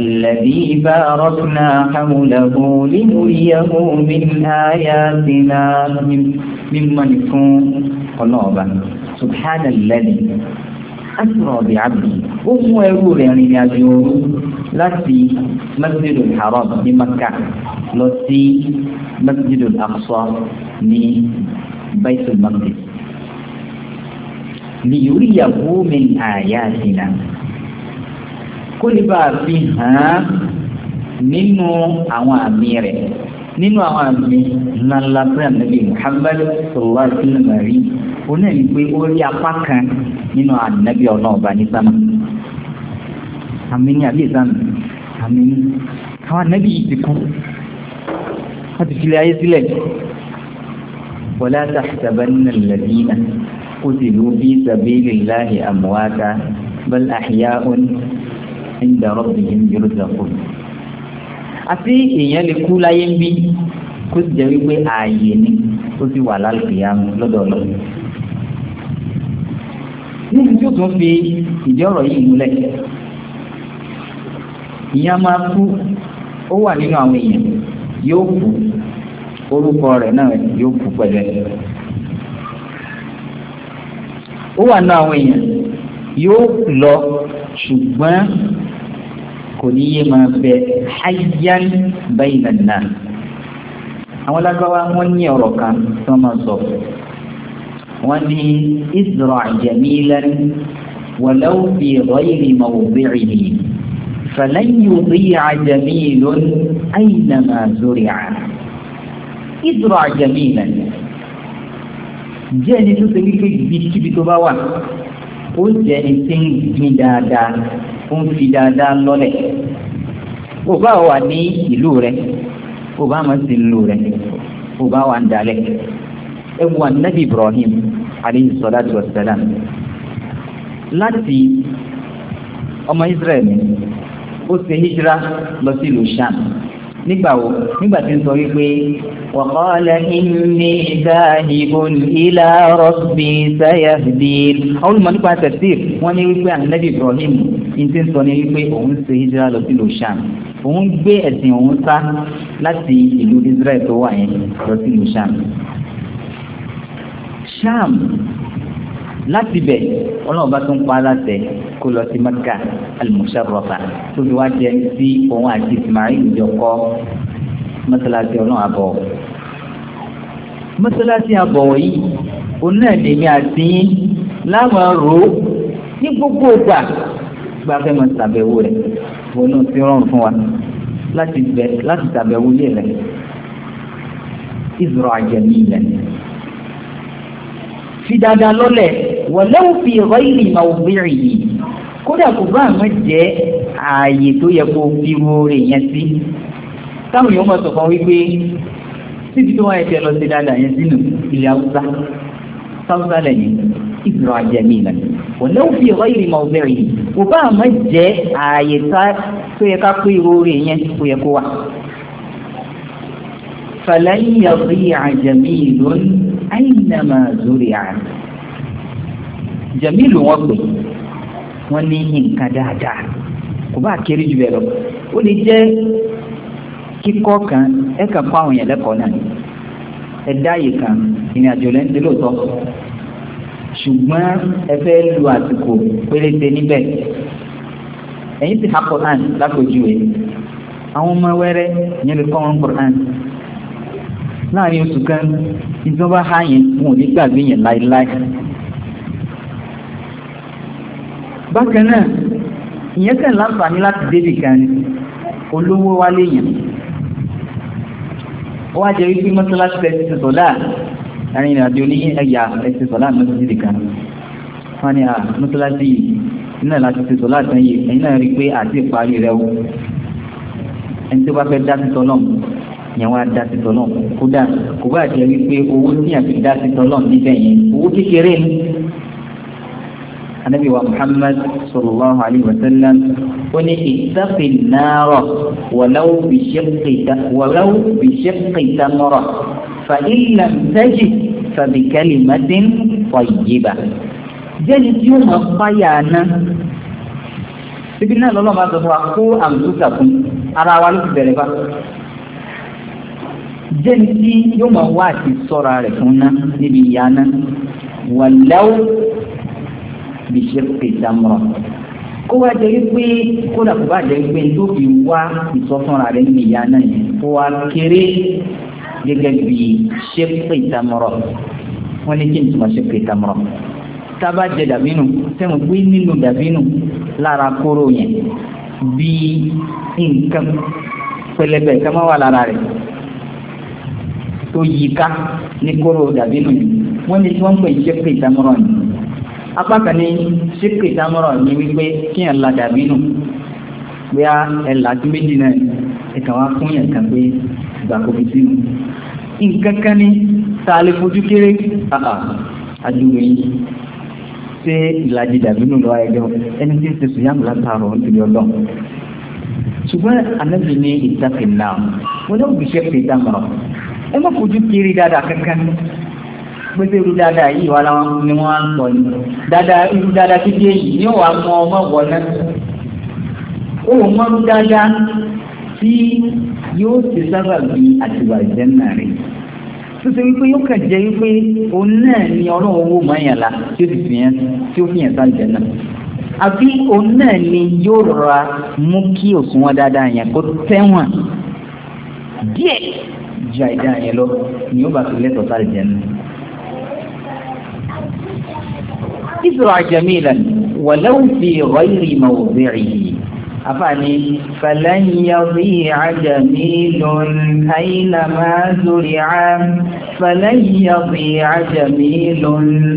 Speaker 1: الذي باركنا حوله لنريه من آياتنا ممن يكون قلوبا سبحان الذي أسرى بعبده وهو يقول يعني يقول láti masjidul haram ní maka lọ sí masjidul aqsa ní baitul lìyúríyàwó mi àyà àtìnà kó lè bá a fi hàn án nínú àwọn àmì rẹ̀ nínú àwọn àmì ńláńlá prem nabi muhammad sallallahu alaihi wa sallam rí o náà ní pé ó rí apá kan nínú ànábì ọ̀nà ọba ní sámà àmì ní àbí ìsámi àmì ní àwọn ànábì yìí ti kú wọ́n ti filẹ̀ ayé sílẹ̀ wala tahsabanna alladhina قتلوا في سبيل الله أمواتا بل أحياء عند ربهم يرزقون àti èèyàn lè kú láyé ń bí kó sì jẹ́ wípé ààyè ni ó sì wà lálùkìyàmù lọ́dọọlọ́ níbi tí ó tún fi ìdí ọ̀rọ̀ yìí múlẹ̀ ìyẹn máa kú ó wà nínú àwọn èèyàn yóò kú orúkọ rẹ̀ náà yóò kú pẹ̀lú ẹ̀ ó wà náà àwọn èèyàn yóò lọ ṣùgbọ́n kò ní yé máa bẹ hayyan bayna an àwọn lágbáwá wọn ní ọ̀rọ̀ kan tí wọ́n máa sọ wọ́n ní izra' jamilan walau fi ghayri mawdi'ihi falan lonii jamilun aynama zuri'a izra' jamilan. jẹ́ ẹni tó ṣe wípé ibikíbi tó bá wà ó jẹ́ ẹni tí ń gbin dáadáa ó ń fi dáadáa lọ́lẹ̀ ó bá wà ní ìlú rẹ ó bá máa sí ìlú rẹ ó bá wà ń dalẹ̀ ẹ wà nábì Ibrahim alayhi salatu wa salam láti ọmọ Israẹli ó ṣe hijira lọ sí ìlú Sham nígbà wo nígbà tí ń sọ wípé wàkọ́lẹ̀ ìní ìdáhìbò ilá rọ́bì sáyàfìdì olùmọ̀ nípa tẹ̀síf wọ́n ní wípé ànábì Ibrahim ní ti ń sọ ní wípé òun ṣe hijira lọ sí lòṣàn òun gbé ẹ̀sìn òun sá láti ìlú Israel tó wà yẹn lọ sí lòṣàn láti bẹ̀ ọlọ́run bá tún pa aláṣẹ kó lọ sí maka alimusarrafa tó fi wá jẹ sí òun àti ismail jọ kọ́ mọ́sálásí ọlọ́run àbọ̀ mọ́sálásí àbọ̀ yìí òun náà lèmi àti láwọn ro ní gbogbo ìgbà gba fẹ́ máa ṣàbẹ̀wò rẹ̀ wọnú ti rọrùn fún wa láti bẹ láti ṣàbẹ̀wò ilé rẹ̀ ìzọrọ̀ àjẹmí ilẹ̀ fi dáadáa lọ́lẹ̀ walau fi ghairi mawdi'ihi kódà kò bá àmọ́ jẹ́ ààyè tó yẹ kó fi oore yẹn sí táwọn èèyàn máa sọ̀kan wípé títí tó wáyé tẹ lọ sí dáadáa yẹn sínú ilẹ̀ haúsá haúsá lẹ́yìn ìdúró ajẹ́mí ìlànà walau fi ghairi mawdi'ihi kò bá àmọ́ jẹ́ ààyè tó yẹ ká pé oore yẹn kó yẹ kó wà. falan yadhi'a jamilun aynama zuri'a jamilu wọn pè wọn ní nǹkan dáadáa kò bá kéré jù bẹ́ẹ̀ lọ ó lè jẹ́ kan ẹ kàn kọ́ àwọn yẹn lẹ́kọ̀ọ́ náà ẹ dá yìí kan ìrìn àjò lẹ́ńdẹ́ lóòótọ́ ṣùgbọ́n ẹ fẹ́ lu àsìkò péréte ti ha Quran àwọn ọmọ yẹn wọn Quran láàrin oṣù kan ìjọba ha yẹn fún òní gbàgbé yẹn láéláé. bákan náà ìyẹn kàn láǹfààní láti débì kan ni olówó wa léèyàn ó wá jẹ́ wípé mọ́sálásí ẹ̀sìn ti sọ̀dá àrin ìrìnàjò ní ẹ̀yà ẹ̀sìn sọ̀dá mọ́sálásí kan wọ́n ní à mọ́sálásí náà láti ti sọ̀dá àtàn yìí ẹ̀yìn náà rí pé àti ìparí rẹ̀ o ẹni tó bá fẹ́ dá sí tọ́lọ́m yẹn wá dá sí tọ́lọ́m kódà kò bá jẹ́ wípé owó tí àti dá sí tọ́lọ́m níbẹ̀ yẹn owó kékeré ni anabi wa muhammad sallallahu alayhi wa sallam ó ní ìtàkì náírà wàláwù bí ṣẹ́kì tamọ́rà fa ilà tẹ́jì fàbí kalimatin fayyiba jẹ́ni tí ó máa fáyà náà síbi náà lọ́lọ́ máa sọ fún wa kó àmùtútà fún ara wa ló ti bẹ̀rẹ̀ bá jẹ́ni tí yóò máa wá àti sọ́ra rẹ̀ fún ná níbi ìyá ná wàláwù bí ṣe pè dámọ̀ràn kó wá jẹ́ wípé kódà kó bá jẹ́ wípé tó fi wá ìsọfúnra rẹ̀ ní ìyá náà yẹn kó wá kéré gẹ́gẹ́ bí ṣe pè dámọ̀ràn wọ́n ní kí n túmọ̀ ṣe pè dámọ̀ràn tábà jẹ dàbínú sẹ́wọ̀n gbé nínú dàbínú lára kóró yẹn bí nǹkan pẹlẹbẹ kama wà lára rẹ̀ tó yí ká ní kóró dàbínú yẹn wọ́n ní tí wọ́n pè ṣe pè dámọ̀ràn yìí apá kan ní ṣíkì dámọ́rọ̀ ní wípé kí ẹ̀ la dàbí nù pé a ẹ̀ là sí méjì náà ẹ̀kàn wá fún yẹn kan pé ìgbà kò fi sínú nǹkan kan ní tá a lè fojú kéré àdúgbò yìí ṣé ìlàjì dàbí nù lọ́wọ́ ẹgbẹ́ ẹni tí ń ṣe sùn yàgò látàrọ̀ nítorí ọlọ́run ṣùgbọ́n anábì ní ìtàkì náà wọ́n náà gbèsè pé dámọ́rọ̀ ẹ má fojú kéré dáadáa kankan pété irú dáadáa yìí wà láwọn ni wọ́n á ń pọ̀ ní dáadáa irú dáadáa kíkẹ́ yìí yóò wá mọ ọmọ wọ̀ náà ó mọ irú dáadáa tí yóò ti sábà bí àtiwà ìjẹ́nà rẹ̀ títí wípé yóò kàn jẹ́ wípé òun náà ni ọlọ́run owó mọ̀nyànlá tí ó sì fi yẹn tí ó fi yẹn sáà jẹ́ náà àbí òun náà ni yóò rọra mú kí òṣùwọ̀n dáadáa yẹn kó tẹ́wọ̀n díẹ̀ ju àìdáa yẹn lọ ni ó bá fi lẹ́tọ̀ọ́ sáà
Speaker 2: náà. ازرع جميلا
Speaker 1: ولو في غير موضعه أفاني فلن يضيع جميل أينما زرع فلن يضيع جميل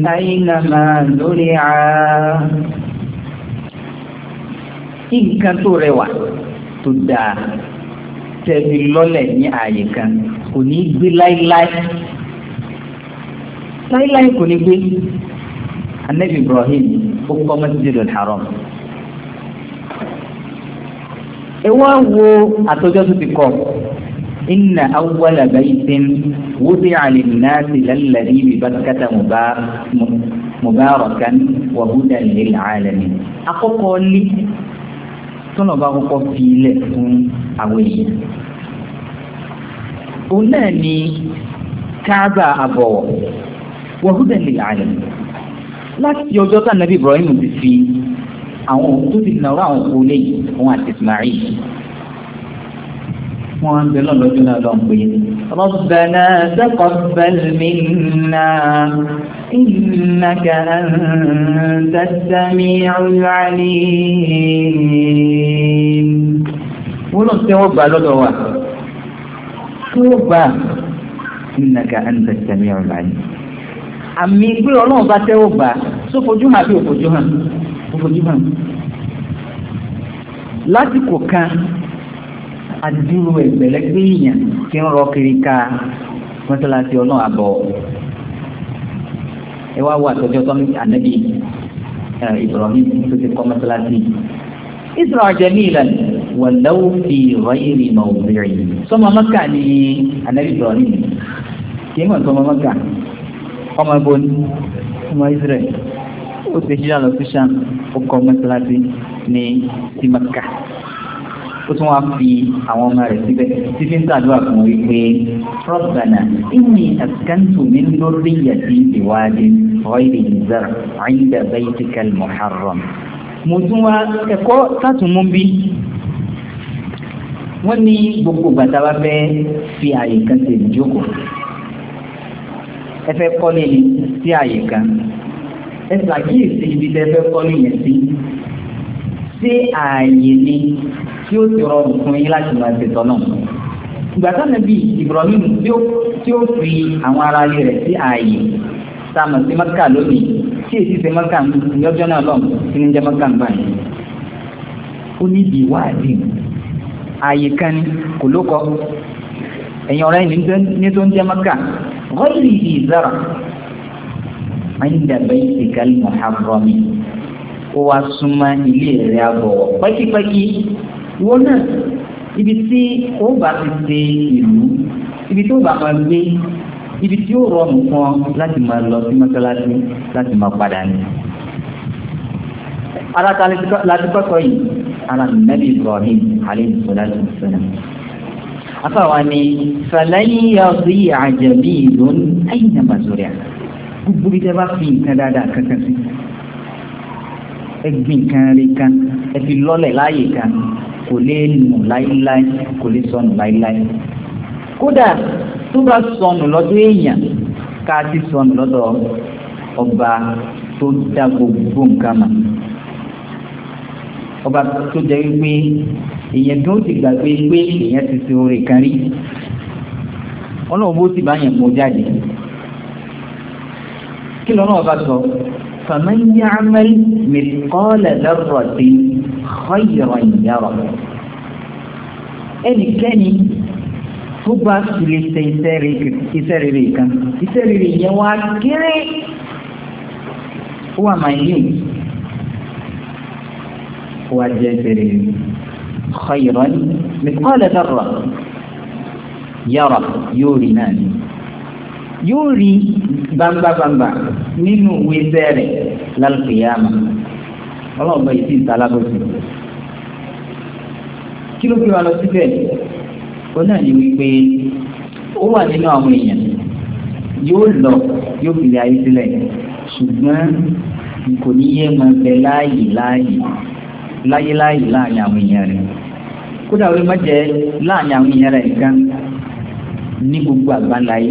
Speaker 1: أينما زرع nǹkan tó rẹwà tó dáa tẹ̀mí lọ́lẹ̀ ní ààyè kan kò ní gbé láíláí anabi ibrahim ó kọ́ masjidul haram ìwọ́n wo àtọ́jọ́ tó ti kọ́ inna awwala baytin wudi'a lin-nasi lalladhi bi Bakkata mubarakan wa hudan lil-alamin àkọ́kọ́ li tọ́nà bá kọ́kọ́ fi ilẹ̀ fún àwọn èèyàn. òun náà ni káàbà àbọ̀wọ̀ wọ̀húdẹ̀ lè àlẹ́ láti ọjọ́ tá nàbí Ibrahim ti fi àwọn tó ti nàró àwọn òkú léyìí fún àti Ismail wọ́n á ń bẹ lọ́nà lọ́jọ́ náà lọ́n pé Rabbana taqabbal minna innaka antas sami'ul alim. wọ́n lọ sí wọ́n gbà lọ́dọ̀ wa tí gbà innaka antas sami'ul àmì pé ọlọ́run bá tẹ́wọ́ gbà tó fojú hàn bí òfojú hàn òfojú hàn lásìkò kan àdúró ẹ̀gbẹ̀lẹ́ pé èèyàn ti ń rọ kiri ka mọ́tàláṣí ọlọ́run àbọ̀ ẹ wá wà tọ́jọ́ tọ́ ànábì Ibrahim tó ti kọ́ mọ́tàláṣí Isra jamilan walau fi ghayri
Speaker 2: mawdi'i
Speaker 1: sọmọ mọ́kà ni ànábì Ibrahim kí n mọ̀ sọmọ mọ́kà ọmọ ẹbọ ni ọmọ Israel ó ti ṣíṣe àlọ́ christian ọkọ mẹ́tàláṣí ní simaka ó tún wá fi àwọn ọmọ rẹ̀ síbẹ̀ títí ń ṣàdúrà fún wípé rọ́bànà ìní àkáǹtù mi lórí yàtí ìwádìí ọ̀ẹ́dì ìzẹ́rẹ̀ ọ̀ẹ́dà baitikal muharram mo tún wá ẹ̀kọ́ sátùmú bí wọ́n ní gbogbo gbàtà wá fẹ́ fi àyè kan ṣe ìjókòó ẹfẹ́ kọ́lé ni sí àyè kan ẹ ṣàkíyèsí ibi tẹ́ fẹ́ kọ́lé yẹn sí sí ààyè ni tí ó ti rọrùn fún yín láti máa ṣètọ́ náà ìgbà táwọn bíi Ibrahim tí ó fi àwọn ará ilé rẹ̀ sí ààyè tá a mọ̀ sí Mẹ́kà lónìí tí èsì ṣe Mẹ́kà lọ́jọ́ náà lọ́n tí ní jẹ́ Mẹ́kà báyìí ó ní ìdí ìwádìí ààyè kan ni kò lókọ ẹ̀yìn ọ̀rẹ́ ní tó ń jẹ́ Mẹ́kà غير ذي زرع عند بيتك المحرم kó wá súnmọ́ ilé rẹ̀ àbọ̀wọ̀ pẹ́kípẹ́kí wo náà ibi tí ó bá ti ṣe ìlú ibi tí ó bá máa gbé ibi tí ó rọrùn fún ọ láti máa lọ sí mọ́sálásí láti máa padà ní. alákàlẹ́ láti kọ́kọ́ yìí ara nàbí Ibrahim alayhi salatu wassalam afáwa ni fàlàyé ọ̀sẹ̀ àjẹbí ìlún ẹ̀yìn àbàzọ̀rẹ̀ gbogbo bí tẹ́ bá fi nǹkan dáadáa kankan sí ẹgbìn kan rí kan ẹ fi lọ́lẹ̀ láàyè kan kò lè nù láíláí kò lè sọnù láíláí kódà tó bá sọnù lọ́dọ̀ èèyàn ká ti sọnù lọ́dọ̀ ọba tó dá gbogbo nǹkan mọ̀ ọba tó jẹ́ wípé èèyàn tó ti gbàgbé pé èèyàn ti ṣe oore kan rí ọlọ́run bó ti bá yẹn mú jáde kí lọ́nà ọba sọ faman ya'mal mithqala dharratin khayran yarah ẹnikẹ́ni tó bá tilẹ̀ ṣe iṣẹ́ rere kan iṣẹ́ rere yẹn wá kéré ó wà máa yé wá jẹ́ iṣẹ́ rere. خيرا مثقال ذرة yàrá yóò rí náà ni yóò rí bámbábámbá nínú ìwé bẹ́ẹ̀rẹ̀ lálùkìyàmà ọlọ́ọ̀gbọ́n yìí sì ń talábòsí kí ló fi wá lọ síbẹ̀ ó náà ní wípé ó wà nínú àwọn èèyàn yóò lọ yóò fi lè ayé sílẹ̀ ṣùgbọ́n kò ní yé máa bẹ láàyè láàyè láyéláyé láàrin àwọn èèyàn rẹ̀ kódà orí mọ́jẹ́ láàrin àwọn èèyàn rẹ̀ nǹkan ní gbogbo àgbáńláyé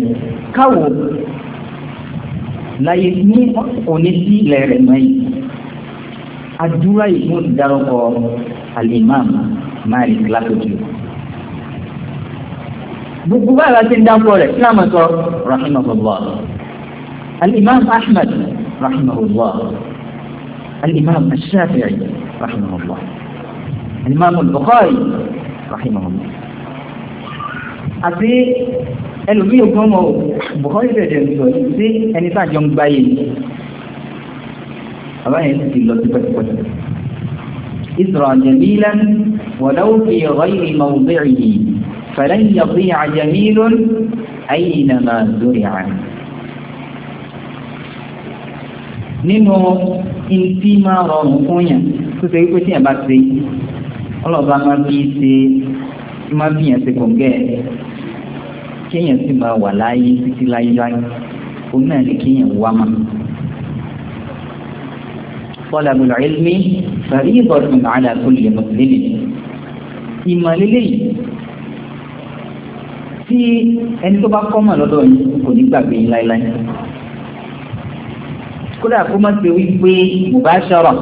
Speaker 1: káwò láyé ní òní sí ilẹ̀ rẹ̀ mọ́yì àdúrà yìí mo ti dárúkọ alimam Malik lakojú gbogbo báyìí láti ń dáńkọ rẹ̀ kí láàmú sọ rahimahullah alimam Ahmad rahimahullah. الإمام الشافعي رحمه الله الإمام البخاري رحمه الله àti ẹlòmí ògbọ́n mọ̀ في bẹ̀rẹ̀ sọ sí ẹni tá àjọ ń إسرى جميلا ولو في غير موضعه فلن يضيع جميل أينما زرع نمو ìtí máa rọrùn fún yàn tó ṣe wípé tí yàn bá ṣe ọlọ́ba máa fi ṣe máa fi yàn ṣe kòǹgẹ́ kéèyàn sì máa wà láyé títí láyé láyé òun náà ni kéèyàn wá máa. طلب العلم فريضة على كل مسلم ìmọ̀lélé yìí tí ẹni tó bá kọ́ mọ̀ lọ́dọ̀ yìí kò ní gbàgbé yín láéláé kódà kó má ṣe wípé mubashara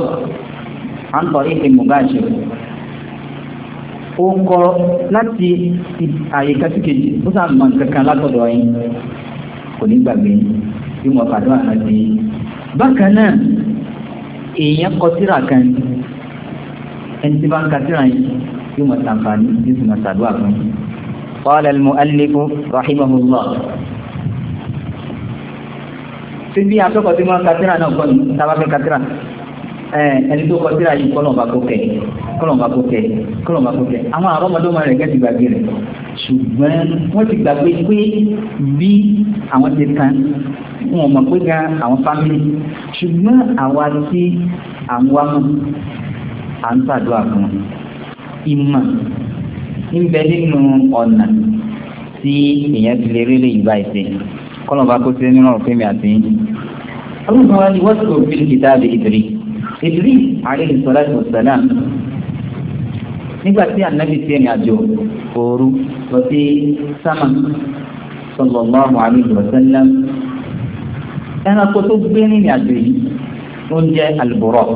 Speaker 1: à ń tọrí ìpè mubashara ó ń kọ láti àyíká sí kejì ó sà mọ kankan látọ̀dọ̀ yín kò ní gbàgbé bí wọn fàdó àti bákan náà èèyàn kọ síra kan ẹni tí bá ń ka síra yìí yóò mọ̀ sàǹfààní yóò sì mọ̀ sàdúrà fún قال المؤلف رحمه الله tí bí akẹ́kọ̀ọ́ tí máa ń katira náà kọ́ ní sábà fẹ́ katira ẹni tó kọtira yìí kọ́lọ̀mbà kó kẹ̀ kọ́lọ̀mbà kó kẹ̀ kọ́lọ̀mbà kó kẹ̀ àwọn àrọ́mọdọ́mọ rẹ̀ gẹ́ ti gbàgbé rẹ̀ ṣùgbọ́n wọ́n ti gbàgbé pé bí àwọn ti kan wọn mọ̀ pé ga àwọn fámìlì ṣùgbọ́n àwa tí àwọn wa mọ̀ à ń ṣàdúrà fún ìmọ̀ ń bẹ nínú ọ̀nà tí èèyàn ti lè rí lè yí báyìí kọ́nà bá kó sí nínú ọ̀rọ̀ fẹ́mi àti yín. ọlọ́run wa ni wọ́n sọ fi kìtà àbí ìdírí ìdírí alayhi salatu wassalam nígbà tí ànábì sí ẹ̀rìn àjò òru lọ sí sámà sallallahu alayhi wa sallam ẹranko tó gbé nínú àjò yìí ó ń jẹ́ alburaq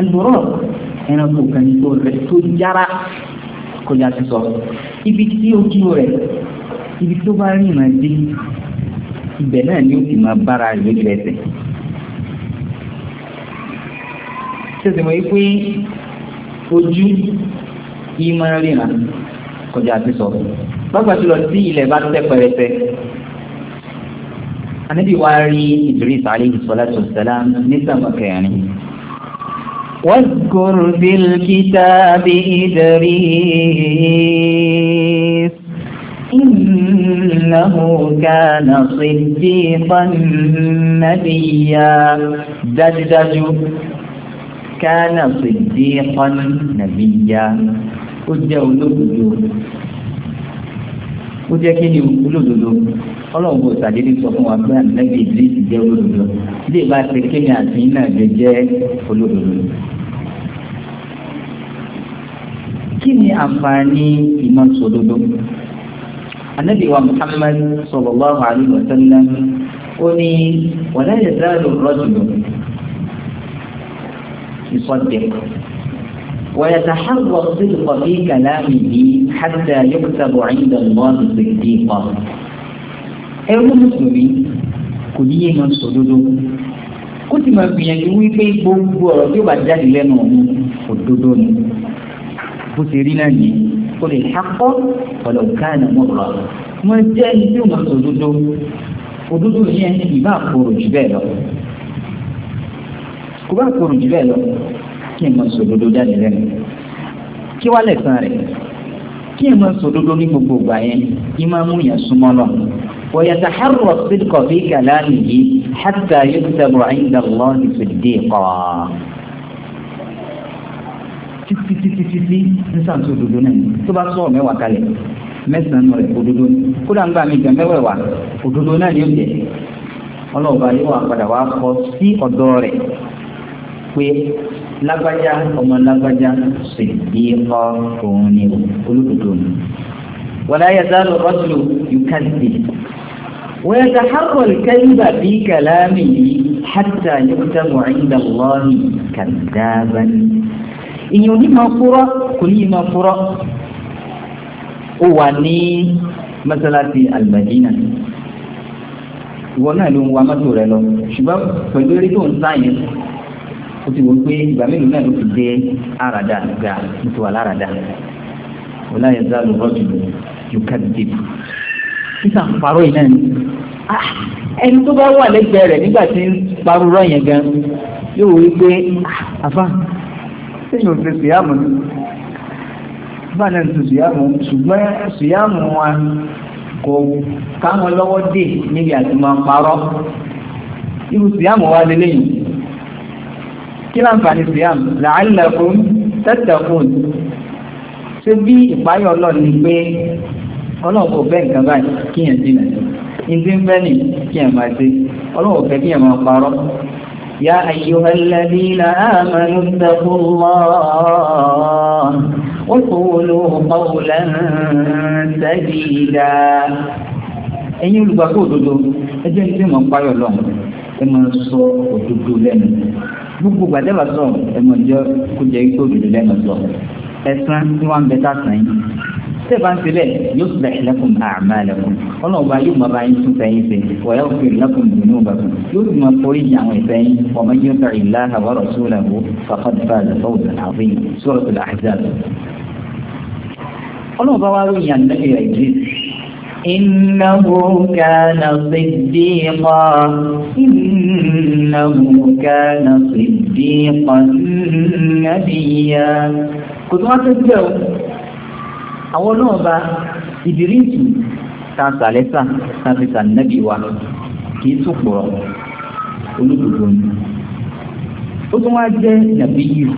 Speaker 1: alburaq ẹranko kan tó rẹ̀ tó yára kọjá sísọ ibi tí ojú rẹ̀ ibẹ̀ náà ni ó ti máa bára rẹ̀ lójú ẹsẹ̀. ṣèṣì mọ̀ pé ojú yìí máa ríran kọjá àti sọ̀rọ̀ lọ́gbà tó lọ sí ilẹ̀ bá tẹ́ pẹrẹsẹ. Ànábì wa rí Idris alayhi salatu wassalam ní sàmà kẹrin. واذكر في الكتاب إدريس إنه كان صديقا نبيا دجدج كان صديقا نبيا أجا ولوجو ó jẹ́ kí ni olódodo ọlọ́run kò sàdédé sọ fún wa pé ànágbè ìdílé jẹ́ olódodo ilé ìbá ṣe kéde àti iná jẹ jẹ́ olódodo. kí ni àǹfààní ìmọ̀ sòdodo? النبي محمد صلى الله عليه وسلم أني ولا يزال الرجل يصدق ويتحرى الصدق في كلامه حتى يكتب عند الله صديقا ẹrú mùsùlùmí kò ní yé máa ń sọ dodo kó sì máa gbìyànjú wípé gbogbo ọ̀rọ̀ tí ó bá jáde lẹ́nu òun òdodo ni bó ṣe rí náà nìyí kò lè ṣakọ́ ọ̀lọ̀ káàní mọ̀rọ̀ wọ́n jẹ́ ibi òmò òdodo òdodo yẹn ìbá kòrò jù bẹ́ẹ̀ lọ kò bá kòrò jù bẹ́ẹ̀ lọ kí n mọ̀ sòdodo jáde lẹ́nu kí wá lẹ̀sán rẹ̀ kí n mọ̀ sòdodo ní gbogbo ìgbà yẹn kí máa mú yẹn súnmọ́ lọ. ويتحرى الصدق في كلامه حتى يكتب عند الله صديقا títí títí títí ní sàǹtì òdodo náà tó bá sọ mẹ́wàá kalẹ̀ mẹ́sàn-án rẹ̀ òdodo kódà ń gbà mí gan mẹ́wẹ̀wà òdodo náà ni ó jẹ́ ọlọ́ọ̀bá yóò wà padà wá kọ sí ọ̀dọ́ rẹ̀ pé lágbájá ọmọ lágbájá ṣèdíkọ òun ni olódodo ni. wàlá yazalu rọ́tùlù yukaddi ويتحرى الكذب في كلامه حتى يكتب عند الله كذابا ìyẹn ò ní máa fúrọ́ kò ní máa fúrọ́ ó wà ní mọ́sálásí Al-Madina ìwọ náà ló ń wa mọ́tò rẹ lọ ṣùgbọ́n pẹ̀lú eré tó ń sáyẹn ó ti wọ pé ìgbà mélòó náà ló fi dé àràdà gà ó wà láràdà ò láyé zá ló rọ́ọ̀tù yóò ká dìbò títà parọ́ yìí náà ni ah, ẹni tó bá wà lẹ́gbẹ̀ẹ́ rẹ̀ nígbà tí ń parọ́ yẹn gan yóò wí pé ah, àfa tí yóò ṣe síyàmù ní bá náà ṣe síyàmù ṣùgbọ́n síyàmù wa kò káwọn lọ́wọ́ dè níbi àti máa parọ́ irú síyàmù wa lélẹ̀ yìí kí láǹfààní síyàmù la'allakum tattaqun ṣé bí ìpáyọ̀ ọlọ́ọ̀ ni pé ọlọ́ọ̀ kò bẹ́ẹ̀ nǹkan báyìí kíyàn dínà ìdí ń bẹ́ẹ̀ nì kíyàn máa ṣe ọlọ́ọ̀ fẹ́ kíyàn máa parọ́ يا أيها الذين آمنوا اتقوا الله وقولوا قولا سديدا ẹ̀yin olùgbàgbọ́ òdodo ẹjẹ́ ń tí mọ̀ ń payọ̀ lọ ẹ máa sọ òdodo lẹ́nu gbogbo gbàdébà sọ ẹ máa jẹ́ kó jẹ́ kó òdodo lẹ́nu sọ ẹ̀sán tí wọ́n ń bẹ sàn yín bá ń ṣe bẹ́ẹ̀ yóò ṣe sọ ìlẹ́kùn àmà lẹ́kùn ọlọ́ọ̀bá yóò máa bá yín tún sẹ́yìn ṣe wọ́n yóò fi ìlẹ́kùn nínú bàbá yóò sì máa forí jì àwọn ìsẹ́yìn ọmọ yóò sọ ìlà àwọ̀rọ̀ sóòlà wò fàkọ́tì fàlẹ̀ fọ́wọ́dà àfin sọ́ọ̀tù àhìzàb. ọlọ́ọ̀bá wa ló yàn lẹ́yìn ìdílé إنه كان صديقا إنه كان صديقا نبيا كنت ما تتجاوب àwọn náà bá ìdírísì tá a sàlẹ́sà tá a fi sàn nẹ́bí wa kì í tún pọ̀ olódodo ni ó tún wá jẹ́ nàbí yìí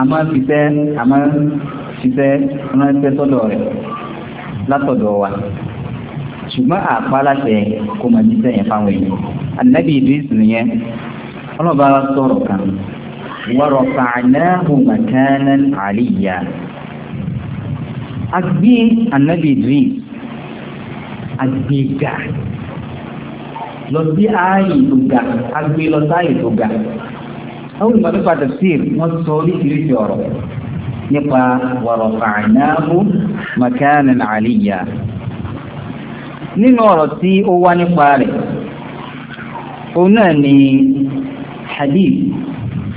Speaker 1: àmọ́ fífẹ́ àmọ́ fífẹ́ ránṣẹ́ sọ́dọ̀ rẹ̀ látọ̀dọ̀ wa ṣùgbọ́n àpáláṣẹ kò máa jíṣẹ́ yẹn fáwọn èèyàn ànábì idris nìyẹn ọlọ́ba sọ̀rọ̀ kan wọ́rọ̀ fàánà hùmàkánà àlìyà agbé ànábì Idris agbéga lọ sí ààyè tó ga agbé lọ sáàyè tó ga àwọn ìgbà nípa tafsir wọ́n sọ oríṣiríṣi ọ̀rọ̀ nípa warafa'nahu makanan 'aliyya nínú ọ̀rọ̀ tí ó wá nípa rẹ̀ òun náà ni hadith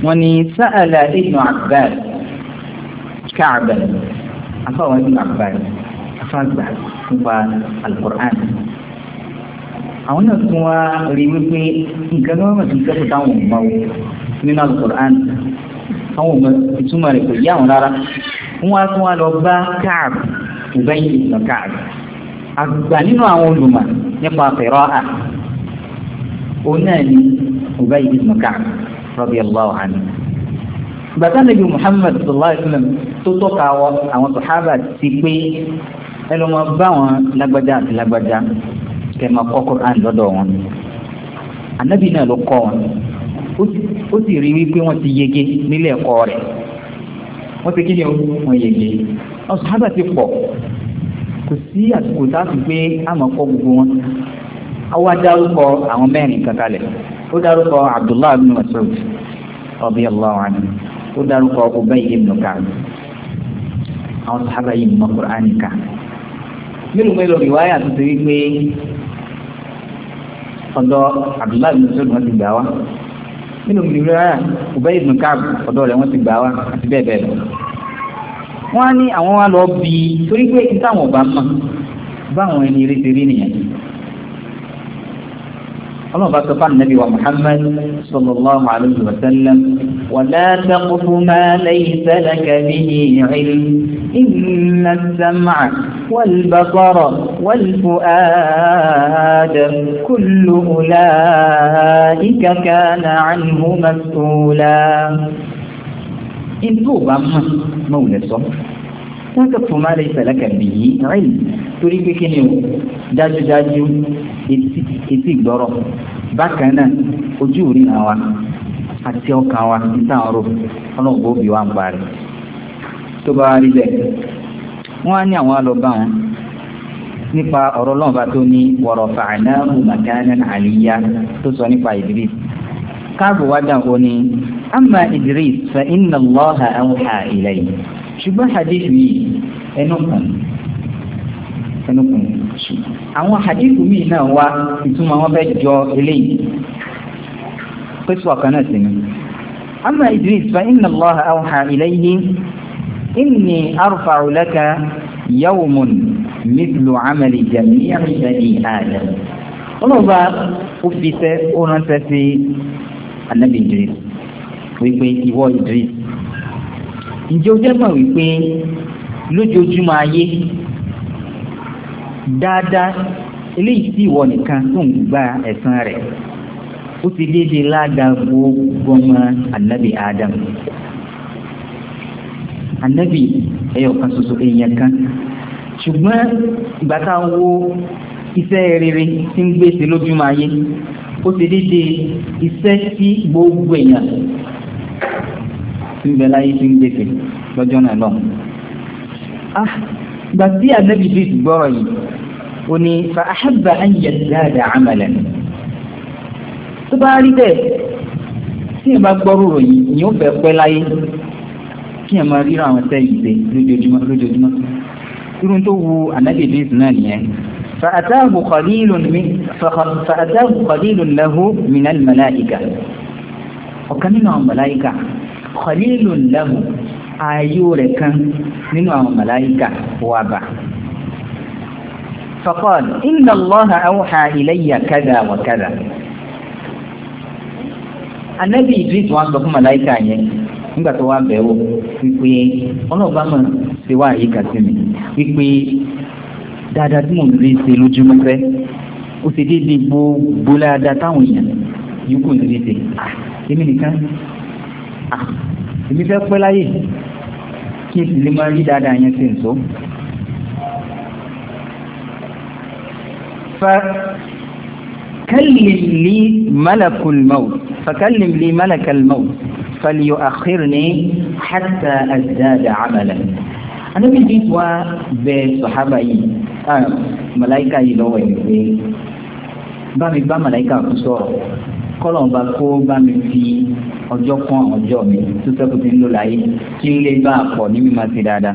Speaker 1: wọ́n ní sa'ala ibnu Abbas Ka'ban afáwọn ibi àgbà afáàgbà nípa alukur'an àwọn náà tún wá rí wípé nǹkan náà ti kẹ́kọ̀ọ́ táwọn ọmọ wọn nínú alukur'an àwọn ọmọ ìtumọ̀ rẹ̀ kò yí àwọn rárá wọ́n wá tún wá lọ bá káàb ìbẹ́yìn ìtàn káàb àgbà nínú àwọn olùmọ̀ nípa fẹ̀rọ à òun náà ni ìbẹ́yìn ìtàn káàb radiyallahu anhu bàtà nàbí Muhammad sallallahu alayhi wa sallam tó tọ́ka àwọn sòhábà ti pé ẹ máa bá wọn lágbájá àti lágbájá kẹ́ máa kọ́ lọ́dọ̀ wọn ànábì náà ló kọ́ wọn ó sì rí wípé wọ́n ti yege nílé ẹ̀kọ́ rẹ̀ wọ́n ti kíni yege àwọn sòhábà ti pọ̀ kò sí àsìkò a kọ́ gbogbo wọn àwọn mẹ́rin ó Abdullahi ó ibn àwọn sàhábà yìí mọ kùránì kà nínú mélòó rìwáyà tó ti rí pé ọ̀dọ̀ abdullahi bin sọ́dún wọn ti gbà wá nínú rìwáyà Ubay ibn Ka'b ọ̀dọ̀ rẹ̀ wọ́n ti gbà wá àti bẹ́ẹ̀ bẹ́ẹ̀ lọ. wọ́n á ní àwọn wa lọ bí torí pé ìtàwọn ọba mọ̀ báwọn ẹni rí ti rí nìyẹn اللهم بارك النبي ومحمد صلى الله عليه وسلم ولا تقف ما ليس لك به علم إن السمع والبصر والفؤاد كل أولئك كان عنه مسؤولا إن هو مولى صلى تقف ما ليس لك به علم torí pé kí ni o dájúdájú etí ìgbọ́rọ̀ bákan náà ojú ìrìnà wa àti ọkàn wa níta ọ̀rọ̀ ọlọ́gbọ́n òbí wa ń parí tó bá rí bẹ́ẹ̀ wọ́n á ní àwọn alọ́ba wọn nípa ọ̀rọ̀ lọ́nba tó ní wọ̀rọ̀ fàánà màkánà àlìyá tó sọ nípa Idris káàbù wájà ó ní amma Idris fa inna Allaha awha ilayhi ṣùgbọ́n hadith yìí ẹnu kan ẹnu kan àwọn hadith míì náà wá ìtumọ̀ wọn fẹ́ jọ eléyìí pẹ̀sù ọ̀kan náà sí ni. أما إدريس فإن الله أوحى إليه إني أرفع لك يوم مثل عمل جميع بني آدم ọlọ́ba ó fi sẹ́ ó ránṣẹ́ sí anábì Idris wípé ìwọ Idris ǹjẹ́ o jẹ́ mọ̀ wípé lójoojúmọ́ ayé dáadáa eléyìí tí ìwọ nìkan tó ń gba ẹ̀san rẹ̀ ó ti déédéé ládàá gbogbo ọmọ anabi adam anabi ẹyọ kan ṣoṣo èèyàn kan ṣùgbọ́n ìgbà tá a wo iṣẹ́ rere tí ń gbèsè lójúmọ́ ayé ó ti déédéé iṣẹ́ tí gbogbo èèyàn tí ń bẹ láyé tí ń gbèsè lọ́jọ́ náà lọ. ah gbà tí ànábì fi gbọ́rọ̀ yìí ó ní fa ahabba an yazdada amalan tó bá rí bẹ́ẹ̀ tí èèyàn bá gbọ́rù ròyìn ìyẹn ó fẹ́ pẹ́ láyé kí èèyàn máa ríra àwọn ẹsẹ̀ yìí lójoojúmọ́ lójoojúmọ́ irun tó wu ànábì ìdíyìí náà nìyẹn فأتاه قليل من فأتاه قليل له من الملائكة وكان من الملائكة khalilun lahu ayé rẹ̀ kan nínú àwọn màláíkà wà bá faqal inna Allaha awha ilayya kadha wa kadha anabi idris wọn sọ fún màláíkà yẹn nígbà tó wá bẹ̀wò wípé ọlọ́ọ̀bá mọ̀ ṣe wá àyíká sí mi wípé dáadáa tí mò ń rí ṣe lójúmọ́ fẹ́ ó ṣe déédéé gbogbo dáadáa táwọn èèyàn yòókù ń rí ṣe ah, èmi nìkan ah, èmi fẹ́ pẹ́ láyè kí èsì lè máa rí dáadáa yẹn sí nsọ. فكلم لي ملك الموت فكلم لي ملك الموت فليؤخرني حتى أزداد عملا anábì bí wá bẹ sọ̀hábà yìí màláìka yìí lọ́wọ́ ẹ̀ pé bá mi bá màláìka kú sọ̀rọ̀ kọ́lọ̀ bá kó bá mi fi ọjọ́ kan ọjọ́ mi tó sẹ́kù ti ń lò láyé kí n lè bá a pọ̀ ní mímọ́ sí dáadáa.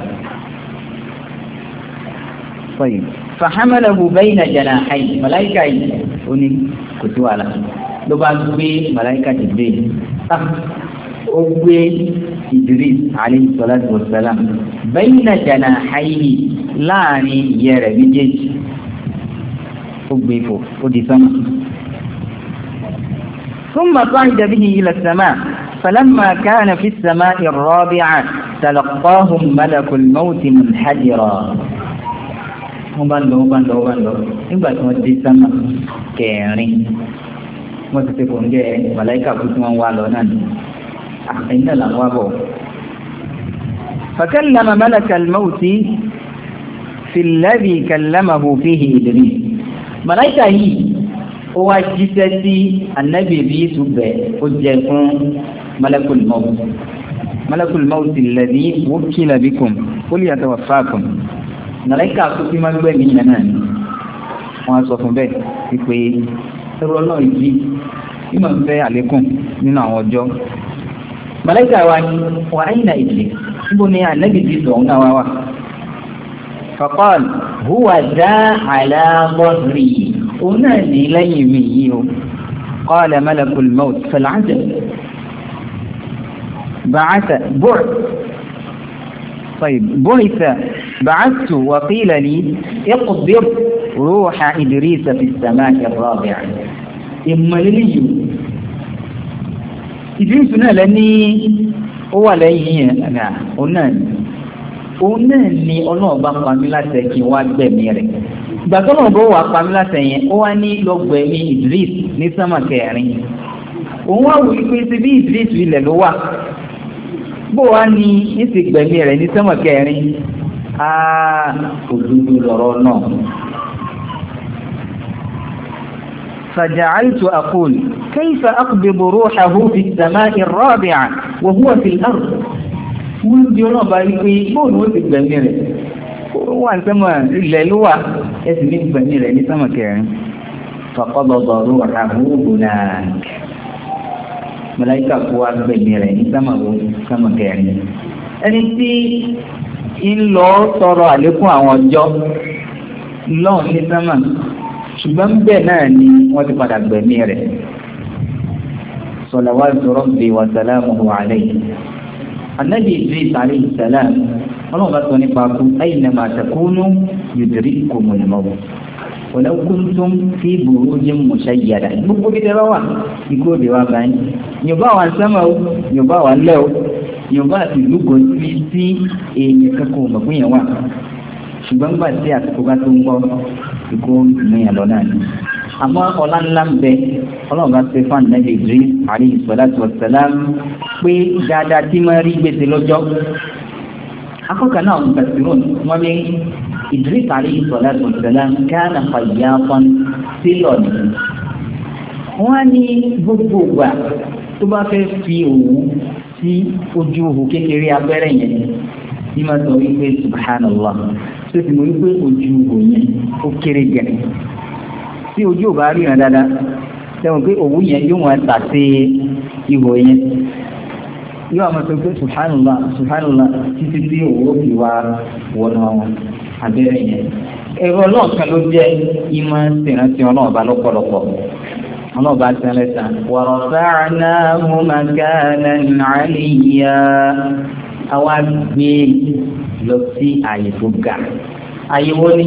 Speaker 1: fàhámẹ́lẹ́hù bẹ́yìn àjàlá àì màláìkà yìí ó ní kò sí wàhálà ló bá gbé màláìkà dìde ó gbé Idris alayhi salatu wa salam bẹ́yìn àjàlá àì láàrin ìyẹ́ rẹ̀ méjèèjì ó gbé fò ó di sánmà. ثم صعد به إلى السماء فلما كان في السماء الرابعة تلقاهم ملك الموت منحدرا wọ́n bá ń lọ wọ́n bá ń lọ wọ́n bá ń lọ nígbà tí wọ́n dé sánmà kẹrin wọ́n ti ṣe kò ń jẹ́ màláìka kú tí wọ́n wá lọ náà ni ẹ̀yin náà là ń wá bọ̀. فكلم ملك الموت في الذي كلمه فيه إدريس màláìka yìí ó wá jíṣẹ́ sí anabi bíi tùbẹ̀ ó jẹ fún malakul maut malakul maut alladhi wukila bikum qul yatawaffakum nàlẹ́kà tó fi máa gbẹ̀mí yẹn náà ni wọ́n sọ fún bẹ́ẹ̀ wípé ẹrú ọlọ́run yìí ìmọ̀ ń fẹ́ àlékún nínú àwọn ọjọ́ malẹ́kà wa ni wà á ìdílé níbo ni ànábì ti sọ̀ ọ́nà wa wà. faqal huwa dá àlá bọ́ọ̀rì yìí. أنادي ليمي قال ملك الموت فالعجل بعث بعث طيب بعث بعثت وقيل لي اقبض روح إدريس في السماء الرابعة إما لي إدريس هنا لأني هو لي أنا هنا òun náà ni ọlọ́run bá pamí láti ẹ̀ kí n wá gbẹ̀mí rẹ̀ ìgbà tó lọ́run bó wà pamí láti ẹ̀ yẹn ó wá ní lọ́gbẹ̀mí Idris ní sánmà kẹrin òun wá wù pé ti bí Idris ilẹ̀ ló wà bó wá ní ní ti gbẹ̀mí rẹ̀ ní sánmà kẹrin á òdodo lọ́rọ̀ náà. فجعلت أقول كيف أقبض روحه في السماء الرابعة وهو في الأرض wọ́n di ọ̀nà bá rí pé bóòlù ó ti gbẹ̀mí rẹ̀ ó wà ní sẹ́mọ̀ ilẹ̀ ló wà ẹ sì ní gbẹ̀mí rẹ̀ ní sẹ́mọ̀ kẹrin fàkọ́bọ̀bọ̀ ló wà láàbùkù náà mọ̀láyíkà kó wá gbẹ̀mí rẹ̀ ní sẹ́mọ̀ kẹrin ẹni tí ń lọ tọrọ àlékún àwọn ọjọ́ lọ́hùn ní sẹ́mọ̀ ṣùgbọ́n bẹ́ẹ̀ náà ni wọ́n ti padà gbẹ̀mí rẹ̀ sọ̀làwá ìṣòro bíi anabi idris alayhi salam ọlọ́run bá sọ nípa kú aynama takunu yudrikkumul maut walau kuntum fi burujin mushayyada gbogbo gidi bá wà ikú òde wa báyìí yorùbá wa sẹ́mà o yorùbá wa lẹ́ o yorùbá àti ìlú kò sí èèyàn kankan òmò fún yẹn wà ṣùgbọ́n gbà sí àsìkò bá tó ń bọ̀ ikú òmìnira lọ náà àmọ́ ọlá ńlá ń bẹ ọlọ́run bá ṣe fún ànábì Idris alayhi salatu wassalam pé dáadáa tí máa rí gbèsè lọ́jọ́ akọ́kọ́ náà ń tẹ̀síwò wọ́n ní Idris alayhi salatu wassalam kana fayyatan sílọ̀ ni wọ́n á ní gbogbo ìgbà tó bá fẹ́ fi òwú sí ojú òhù kékeré abẹ́rẹ́ yẹn ní máa sọ wípé subhanallah tó sì mọ̀ wípé ojú òhù yẹn ó kéré gẹ̀rẹ́ tí ojú ò bá rí ìrìn dáadáa sẹ́wọ̀n pé òwú yẹn yóò wọn tà sí ihò yẹn yóò àwọn sọ pé subhanallah subhanallah títí tí òwúrò fi wá wọnú àwọn abẹ́rẹ́ yẹn ẹ̀rọ náà kan ló jẹ́ ìmọ̀ sìrántí ọlọ́ọ̀bá lọ́pọ̀lọpọ̀ ọlọ́ọ̀bá sẹ́lẹ̀sà wọ̀rọ̀ sáà náà mú màkánà nàálìyà àwa gbé lọ sí àyè tó ga ayé wọ́n ní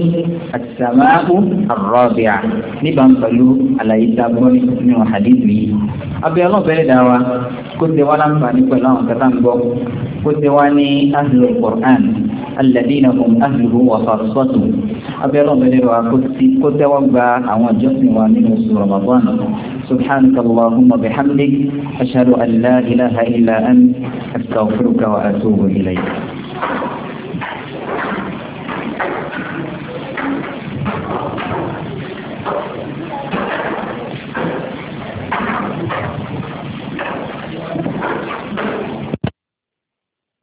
Speaker 1: àtìsàmáàbù àrọ́bìà níbàámu pẹ̀lú àlàyé tá a gbọ́ nínú àdéhùn yìí. abẹ́ ọlọ́ọ̀bẹ̀rẹ̀ dá wa kó ṣe wá láǹfààní pẹ̀lú àwọn kẹta ń gbọ́ kó ṣe wá ní ahlul qur'an alladina hum ahluhu wa khassatu abẹ́ ọlọ́ọ̀bẹ̀rẹ̀ wa kó ṣe wá gba àwọn ìjọsìn wa nínú oṣù ramadan subhanaka allahumma bihamdik ashhadu an la ilaha illa ant astaghfiruka wa